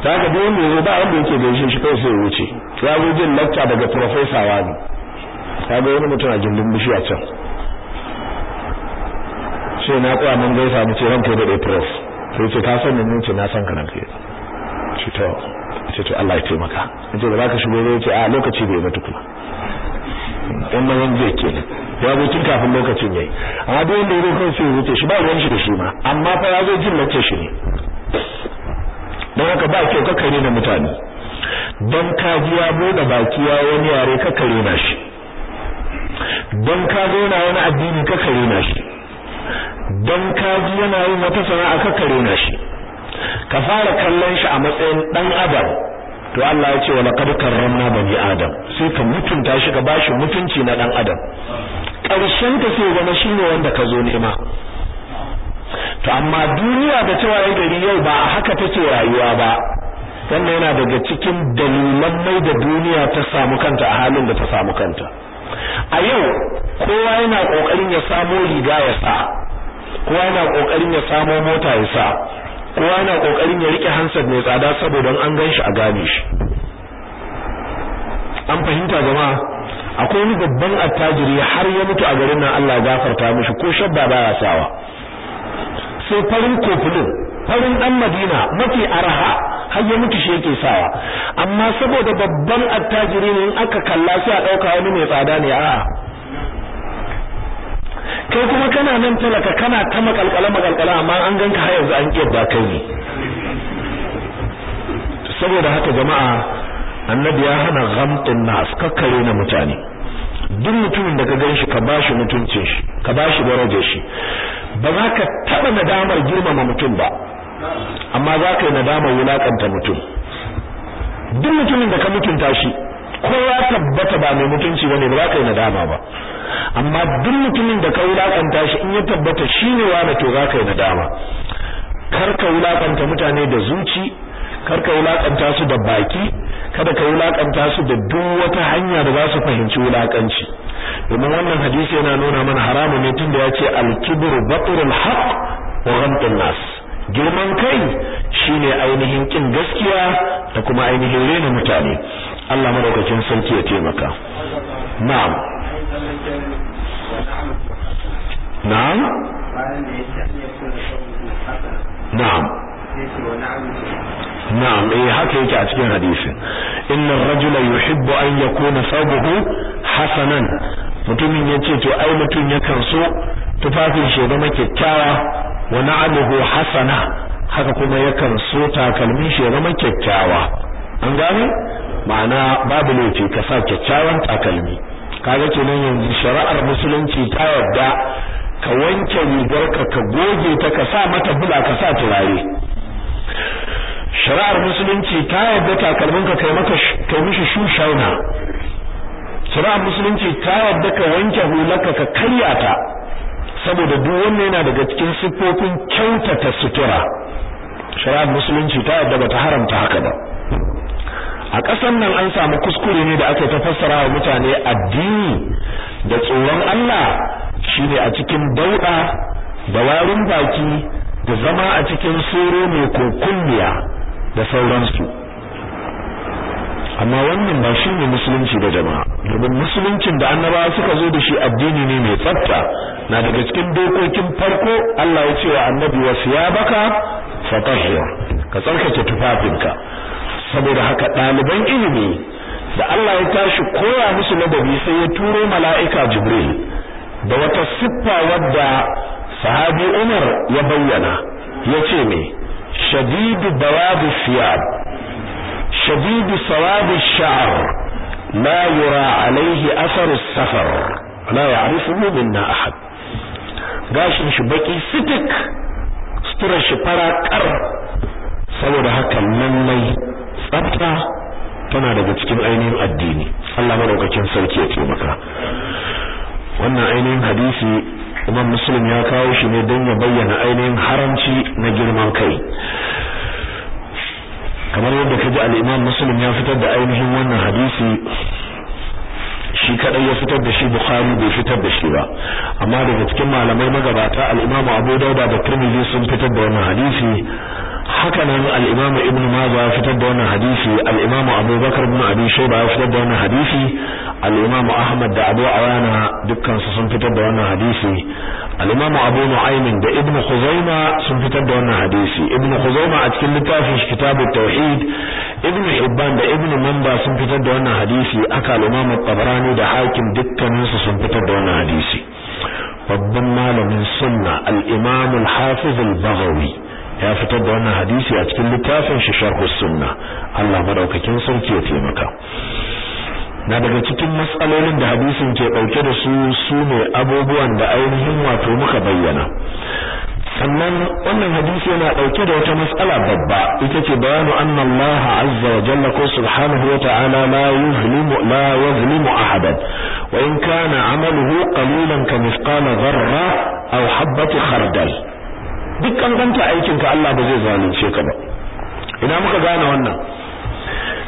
tsaya ta ka duk wanda ya zo ba wanda yake gaishe shi kai sai ya wuce ya zo jin lacca daga profesa wani ta ga wani mutum a gindin bishiya can sai na kuwa mun gaisa mu ce ranka da dai prof sai ce ka san ne ce na san ka kai. ce to ce to Allah ya taimaka ce da ka shigo ne ce a lokaci bai ba tukuna dan nan zai ke ya zo tun kafin lokacin yayi amma duk wanda yazo kan ya wuce shi ba ruwan shi da shi ma amma fa ya zo jin mace shi ne don haka ba kyau kakare na mutane don ka ji ya bude baki ya wani yare kakare na shi don ka zo wani addini kakare na shi don ka yana yin wata a kakare na shi ka fara kallon shi a matsayin dan adam to Allah ya ce wa laqad karramna bani adam sai ka mutunta shi ka bashi mutunci na dan adam karshen ka sai zama shine wanda ka zo nema to amma duniya da cewa yayi gari yau ba a haka take rayuwa ba wannan yana daga cikin dalilan mai da duniya ta samu kanta a halin da ta samu kanta a yau kowa yana kokarin ya samo riga ya sa kowa yana kokarin ya samo mota ya sa kowa na kokarin ya rike hansar mai tsada saboda an gan shi a gane shi an fahimta gama akwai wani babban attajiri har ya mutu a garin nan Allah gafarta mishi ko shabba baya sawa sai farin kofulin farin dan Madina mafi araha har ya mutu shi yake sawa amma saboda babban attajiri ne in aka kalla sai a dauka wani mai tsada ne a'a kai kuma kana nan talaka kana ta makalkala makalkala amma an ganka har yanzu an kiyar kai ne saboda haka jama'a annabi ya hana ghamtin nas kakkare na mutane duk mutumin da ka ganshi ka bashi mutuncin shi ka bashi daraja shi ba za ka taba nadamar girmama mutum ba amma za ka yi nadamar wulakanta mutum duk mutumin da ka mutunta shi ko ya tabbata ba mai mutunci bane ba za ka yi nadama ba amma duk mutumin da ka wulakanta shi in ya tabbata shine wani to za ka yi nadama kar ka wulakanta mutane da zuci kar ka wulakanta su da baki kada ka wulakanta su da duk wata hanya da za su fahimci wulakanci domin wannan hadisi yana nuna mana haramu ne tunda ya ce al-kibru batrul haqq wa ghamtun nas girman kai shine ainihin kin gaskiya da kuma ainihin rena mutane Allah madaukakin sarki ya taimaka na'am na'am na'am na'am eh haka yake a cikin hadisi. hadisin innar rajula yuhibbu an yakuna thawbuhu hasanan mutumin yace to ai mutum yakan so tufafin shi zama kyakkyawa wa na'amuhu hasana haka kuma yakan so takalmin shi zama kyakkyawa an gane ma'ana babu laifi ka sa kyakkyawan takalmi kaga kenan yanzu shari'ar musulunci ta yarda ka wanke rigar ka goge ta ka sa mata bula ka sa turare shari'ar musulunci ta yarda ka kai maka kai mishi shu shari'ar musulunci ta yarda ka wanke hularka ka karya ta saboda duk wannan yana daga cikin siffofin kyautata sutura shari'ar musulunci ta yarda bata haramta haka ba a ƙasar nan an samu kuskure ne da aka ta fassara wa mutane addini da tsoron Allah shine a cikin dauda da warin baki da zama a cikin soro mai kokulliya da sauransu amma wannan ba shi ne musulunci da jama'a domin musuluncin da annabawa suka zo da shi addini ne mai tsafta na daga cikin dokokin farko Allah ya ce wa annabi wasu ya baka fatahiyar ka tsarkake tufafinka saboda haka ɗaliban ilimi da Allah ya tashi koya musu ladabi sai ya turo mala'ika jibril da wata siffa wadda sahabi Umar ya bayyana yace me shadidu bawabi siyab shadidu sawabi sha'r لا يرى عليه أثر السفر لا يعرفه منا أحد gashin shi baki sitik sutura shi fara kar saboda haka nan mai tsafta tana daga cikin ainihin addini Allah madaukakin sarki ya taimaka wannan ainihin hadisi Imam Muslim ya kawo shi ne don ya bayyana ainihin haramci na girman kai kamar yadda kaji al-Imam Muslim ya fitar da ainihin wannan hadisi shi kadai ya fitar da shi bukhari bai fitar da shi ba amma daga cikin malamai magabata al abu dauda da tirmidhi sun fitar da wannan hadisi haka nan Al'imamu imamu ibn majah ya fitar da wannan hadisi Al'imamu Abubakar abu bakar ibn abi shayba ya fitar da wannan hadisi Al'imamu ahmad da abu awana dukkan su sun fitar da wannan hadisi Al'imamu imamu abu nu'aym da ibn khuzaima sun fitar da wannan hadisi ibn khuzaima a cikin littafin kitabut tauhid ibn hibban da ibn manda sun fitar da wannan hadisi aka al-imamu tabarani albani da hakim dukkaninsu sun fitar da wannan hadisi babban malamin sunna al-imam al-hafiz al-baghawi ya fitar da wannan hadisi a cikin littafin shi sharh sunna Allah madaukakin sarki ya taimaka na daga cikin matsalolin da hadisin ke dauke da su sune abubuwan da ainihin wato muka bayyana sannan wannan hadisi yana dauke da wata matsala babba ita ce bayanu anna Allah azza wa jalla ko subhanahu wa ta'ala la yuzlimu la yuzlimu ahadan wa in kana amaluhu qalilan ka mithqala dharra aw habati khardal duk kankanta aikin ka Allah ba zai zalunce ka ba ina muka gane wannan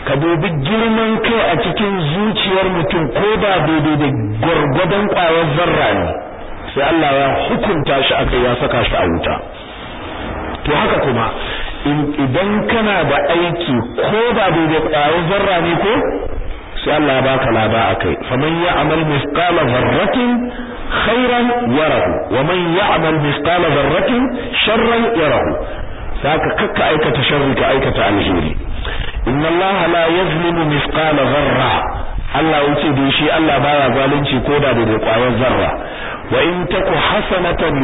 ka dubi girman kai a cikin zuciyar mutum ko ba daidai da gwargwadon kwayar zarra ne sai Allah ya hukunta shi akai ya saka shi a wuta to haka kuma idan kana da aiki ko ba daidai ƙwayar zarra ne ko sai Allah ya baka lada akai faman ya'mal mithqala dharratin khairan yarahu wa man ya'mal mithqala dharratin sharran yarahu saka kakka aikata sharri ka aikata alheri inna allaha la yazlimu mithqala dharra Allah yace dai shi Allah baya zalunci ko da bai kwayar zarra wa in taku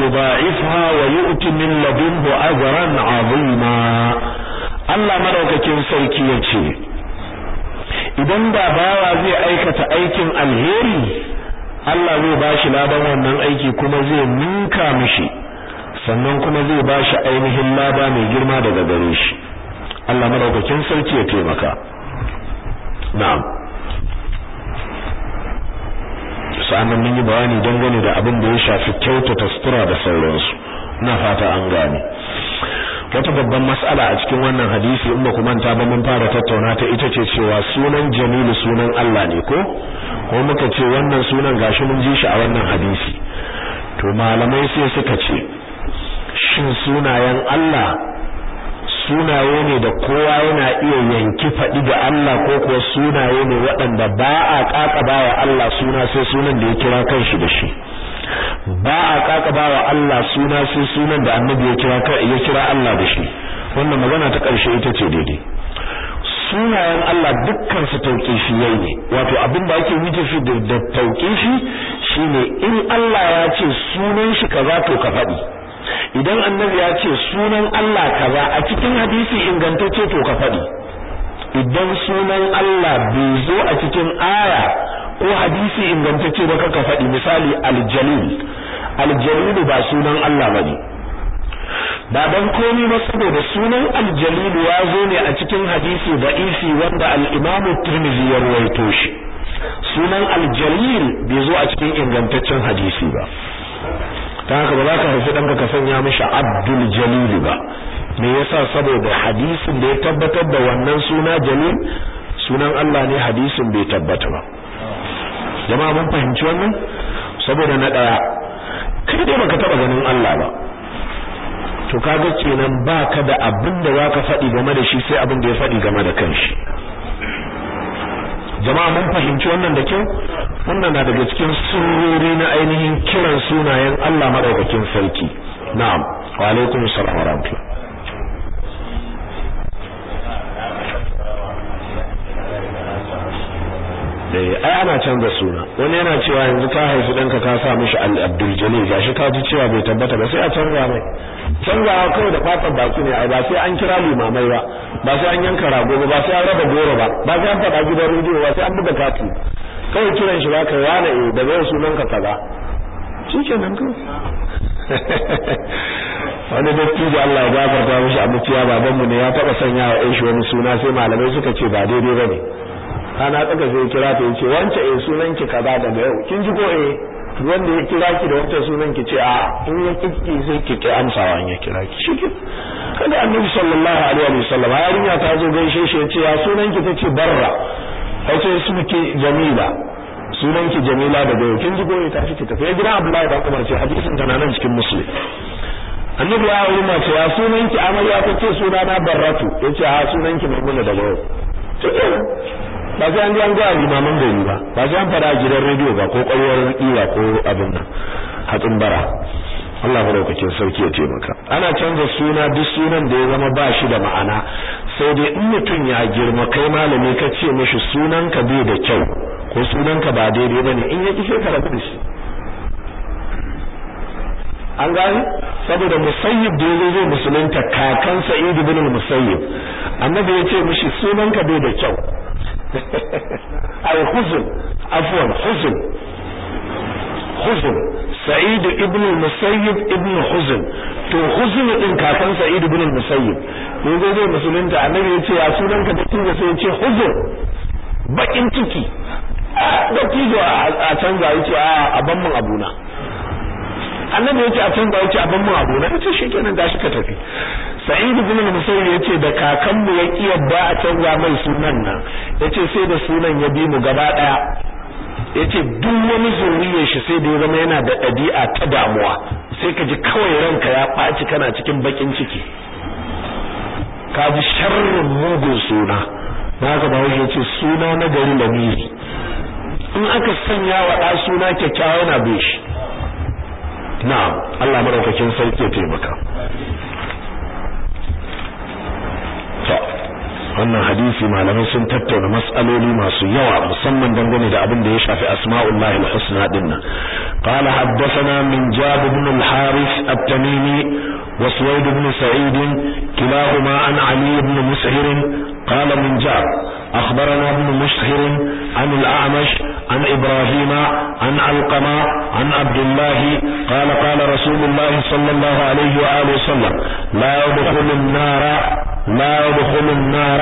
يضاعفها ويؤتي wa لدنه أجرا عظيما الله 'azima Allah madaukakin sarki yace idan da bawa zai aikata aikin alheri Allah zai bashi ladan wannan aiki kuma zai ninka mishi sannan kuma zai bashi ainihin lada mai girma daga gare shi Allah madaukakin sarki ya taimaka na'am sa'annan mun yi bayani dangane da abin da ya shafi kyautata sutura da sauransu ina fata an gane wata babban mas'ala a cikin wannan hadisi in ba ku manta ba mun fara tattauna ta ita ce cewa sunan Jamilu sunan Allah ne ko ko muka ce wannan sunan gashi mun ji shi a wannan hadisi to malamai sai suka ce shin sunayen Allah sunaye ne da kowa yana iya yanki faɗi da Allah ko kuwa sunaye ne waɗanda ba a ƙaƙaba wa Allah suna sai sunan da ya kira kan shi da shi ba a ƙaƙaba wa Allah suna sai sunan da annabi ya kira Allah da shi wannan magana ta ƙarshe ita ce daidai sunayen Allah dukkan su tauqifiyai ne wato abin da ake nufi shi da shi shine in Allah ya ce sunan shi kaza to ka faɗi idan annabi ya ce sunan Allah kaza a cikin hadisi ingantacce to ka faɗi idan sunan Allah bai zo a cikin aya ko hadisi ingantacce ba ka faɗi misali aljalil aljalil ba sunan Allah bane ba dan komai ba saboda sunan aljalil ya zo ne a cikin hadisi da isi wanda al-Imam Tirmidhi ya rawaito shi sunan aljalil bai zo a cikin ingantaccen hadisi ba ta haka ba za ka haifi ɗanka ka sanya mishi abdul jalil ba me yasa saboda hadisin da ya tabbatar da wannan suna jalil sunan Allah ne hadisin bai tabbata ba jama'a mun fahimci wannan saboda na ɗaya kai dai baka taba ganin Allah ba to ka kaga kenan baka da abinda da zaka faɗi game da shi sai abin da ya faɗi game da kanshi jama'a mun fahimci wannan da kyau wannan na daga cikin surori na ainihin kiran sunayen Allah madaukakin sarki na'am wa alaikum assalam wa rahmatullah eh ai ana canza suna wani yana cewa yanzu ka haifi ɗanka ka sa mishi Abdul Jalil gashi ka ji cewa bai tabbata ba sai a canza mai canzawa kawai da fatan baki ne ai ba sai an kira limamai ba ba sai an yanka rago ba sai an raba goro ba ba sai an faɗa gidan rediyo ba sai an buga kati kawai kiran shi ba ka yana eh daga sunan ka kaza nan kawai wani dattijo Allah ya gafarta mishi abuciya babanmu ne ya taba sanya wa shi wani suna sai malamai suka ce ba daidai bane rana tsaka zai kira ta yace wance eh sunan ki kaza daga yau kin ji ko eh wanda ya kira ki da wancan sunan ki ce a in ya kiki sai ki ki amsawa in ya kira ki shike kada annabi sallallahu alaihi wa sallam yarinya ta zo gaishe shi ce ya sunan ki tace barra su ki jamila sunan ki jamila daga yau kin ji ko eh ta ce tafiya gida abdullahi da kuma ce hadisin da nan cikin muslim annabi ya yi mace ya sunan ki amarya tace sunana barratu yace a sunan ki mamuna daga yau ba sai an ji an ga limaman gari ba ba sai an fara a gidan rediyo ba ko ƙwarewar iya ko abin nan hatsin bara Allah maraukakin sauki ya taimaka ana canza suna duk sunan da ya zama ba shi da ma'ana sai dai in mutum ya girma kai malami ka ce mishi sunanka bai da kyau ko sunanka ba daidai ba ne in ya ƙi shekara da shi an gani saboda musayyib da yazo zai musulunta kakan sa'id ibn musayyib annabi ya ce mishi sunanka bai da kyau ai huzun afwan huzun huzun sa'id ibn musayyib ibn huzun to huzun ɗin kakan Sa'idu ibn musayyib ne zai zai musulunta annabi ya ce ya sunan ka da tinga ya ce huzun baƙin ciki da a canza ya ce a ban mun abuna annabi yace a canza yace a ban mu abu na ce shikenan gashi ka tafi sa'id ibn musayyib yace da kakan mu ya kiyarda a canza mai sunan nan yace sai da sunan ya bi mu gaba daya yace duk wani zuriya shi sai da ya zama yana da ɗabi'a ta damuwa sai ka ji kawai ranka ya ɓaci kana cikin bakin ciki ka ji sharrin mugun suna na yace ba suna na gari lamiri in aka sanya wa ɗa suna kyakkyawa na bishi shi na'am Allah madaukakin sarki ya taimaka wannan hadisi malamai sun tattauna masaloli masu yawa musamman dangane da abin da ya shafi asma'ullahi al-husna din qala haddathana min jabir ibn al-harith at-tamimi wa suwaid ibn sa'id kilahuma an ali ibn mushir qala min jab أخبرنا ابن مشهر عن الأعمش عن إبراهيم عن علقمة عن عبد الله قال قال رسول الله صلى الله عليه وآله وسلم لا يدخل النار لا يدخل النار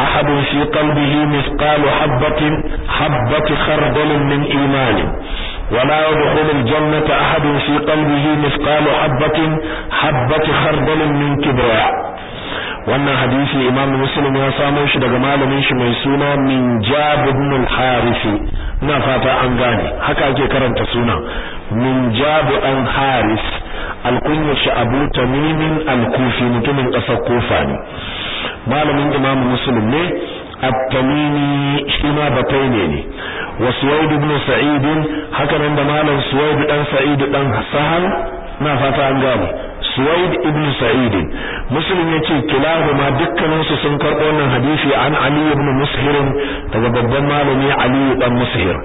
احد في قلبه مثقال حبة حبة خردل من ايمان ولا يدخل الجنة احد في قلبه مثقال حبة حبة خردل من كبرياء wannan hadisi imam muslim ya samo shi daga malamin shi mai suna min jab ibn ina fata an gane haka ake karanta suna min jab an haris al shi abu tamim al mutumin kasar kufa ne malamin imam muslim ne التميمي شما بطينيني وسويد بن سعيد هكذا عندما مالا سويد بن Sa'idu dan سهل na fata an gane suwaid ibn sa'id muslim yace kilahuma dukkanin su sun karbo wannan hadisi an ali ibn mushir daga babban malami ali ibn mushir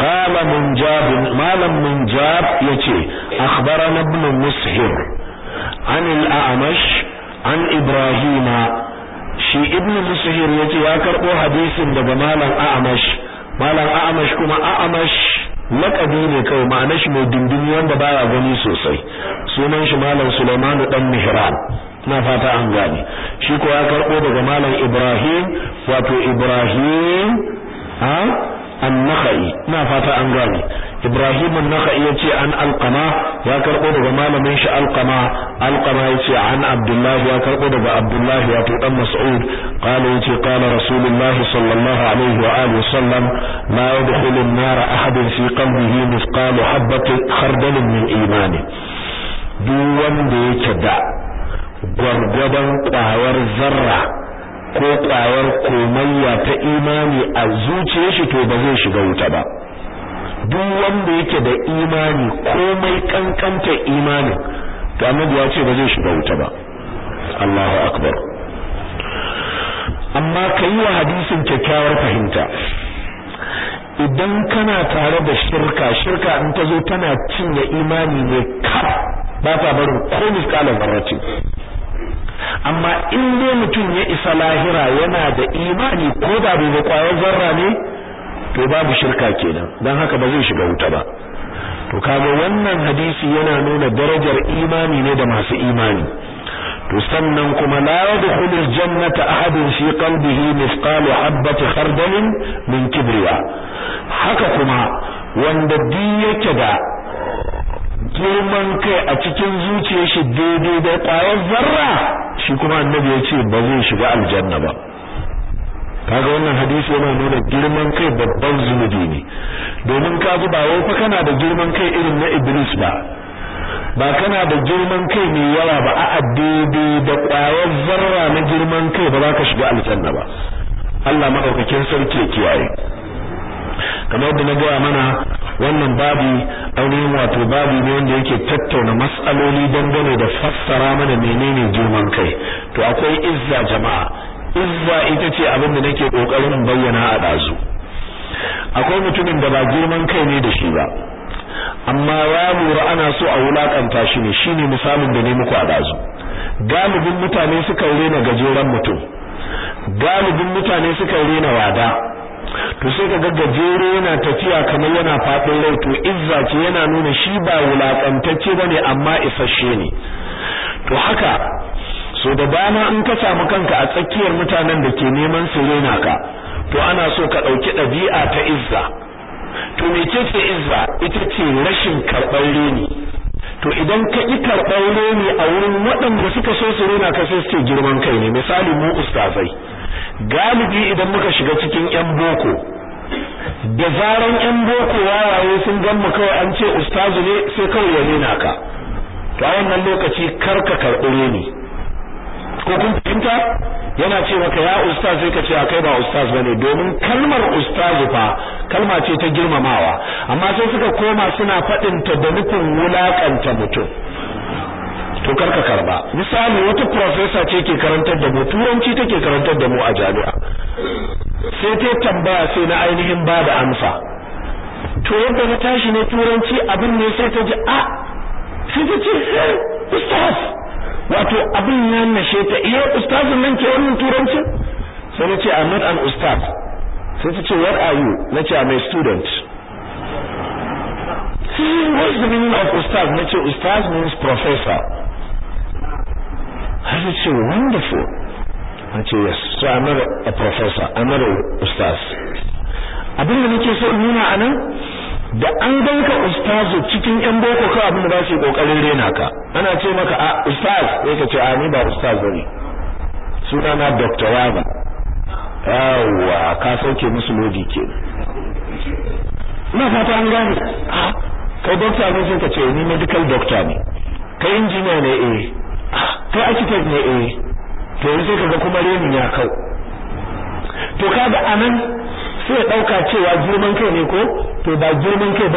qala munjab malam munjab yace akhbarana ibn mushir an al-a'mash an ibrahima shi ibn mushir yace ya karbo hadisin daga malam a'mash malam a'amash kuma a'amash lakabi ne kawai ma'anar shi mai dindimi wanda baya gani sosai sunan shi malam Sulaimanu dan Mihran na fata an gane shi ko ya karɓo daga malam Ibrahim wato Ibrahim ha an-nakhai ina fata an gane ibrahim an-nakhai yace an alqama ya karbo daga malamin shi alqama alqama yace an abdullahi ya karbo daga abdullahi wato dan mas'ud qala yace qala rasulullah sallallahu alaihi wa alihi wasallam la yadkhulu an-nar ahad fi qalbihi mithqalu habatin khardal min imani duk wanda yake da gwargwadon kwayar zarra ko kwayar komayya ta imani a zuce shi to ba zai shiga wuta ba duk wanda yake da imani komai kankanta imanin to annabi ya ce ba zai shiga wuta ba Allahu akbar amma kai wa hadisin kyakkyawar fahimta idan kana tare da shirka shirka in ta zo tana cinye imani ne kaba ba ta barin ko kalan zarrati amma in dai mutum ya isa lahira yana da imani ko da bai ba kwayar zarra ne to babu shirka kenan dan haka ba zai shiga wuta ba to kaga wannan hadisi yana nuna darajar imani ne da masu imani to sannan kuma la yadkhulu jannata ahadun fi qalbihi mithqalu habati khardal min kibriya haka kuma wanda duk yake da girman kai a cikin zuciyar shi daidai da ƙwayar zarra shi kuma annabi ya ce ba zai shiga aljanna ba kaga wannan hadisi yana nuna girman kai babban zunubi ne domin ka ji ba wai kana da girman kai irin na iblis ba ba kana da girman kai mai yawa ba a daidai da ƙwayar zarra na girman kai ba za ka shiga aljanna ba Allah maɗaukakin sarki ya kiyaye kamar da na gaya mana wannan babi ainihin wato babi ne wanda yake tattauna mas'aloli dangane da fassara mana menene girman kai to akwai izza jama'a izza ita ce abin da nake kokarin bayyana a dazu akwai mutumin da ba girman kai ne da shi ba amma ya lura ana so a wulakanta shi ne shine misalin da ne muku a dazu galibin mutane suka rena gajeren mutum galibin mutane suka rena wada to sai ka ga gajere yana tafiya kamar yana faɗin rai to izza ce yana nuna shi ba wulakantacce bane amma isasshe ne to haka so da dama in ka samu kanka a tsakiyar mutanen da ke neman sirena ka to ana so ka ɗauki ɗabi'a ta izza to me ce ce izza ita ce rashin karɓar reni to idan ka ƙi karɓar reni a wurin waɗanda suka so sirena ka sai suke girman kai ne misali mu ustazai galibi idan muka shiga cikin yan boko da zaran yan boko wawaye sun ganmu kawai an ce ustazu ne sai kawai ya nuna ka to wannan lokaci kar ka karɓi ne ko kun fahimta yana ce maka ya ustaz sai ka ce a kai ba ustaz bane domin kalmar ustazu fa kalma ce ta girmamawa amma sai suka koma suna faɗin ta da nufin wulakanta mutum to karka karba misali wata professor ce ke karantar da mu turanci take karantar da mu a jami'a sai ta tambaya sai na ainihin ba da amsa to yadda na tashi ne turanci abin ne sai ta ji a sai ta ce ustaz wato abin ya nashe ta iya ustazin nan ke wannan turancin sai na ce I'm not an ustaz sai ta ce what are you na ce I'm a student what's the meaning of ustaz na ce ustaz means professor har da ce wonderful an ce yes so another a professor another ustaz abin da nake so nuna a nan da an ganka ustazu cikin yan boko ka abin da za su yi kokarin rena ka ana ce maka a ah, ustaz sai ka ce a ah, ni ba ustaz bane suna na dr yaba yawwa ka sauke musu lodi ke na fata an gane a kai doctor ne sai ka ce ni medical doctor ne kai injiniya ne eh kai architect ne eh to yanzu kaga kuma renin ya kau to kaga anan sai ya dauka cewa girman kai ne ko to ba girman kai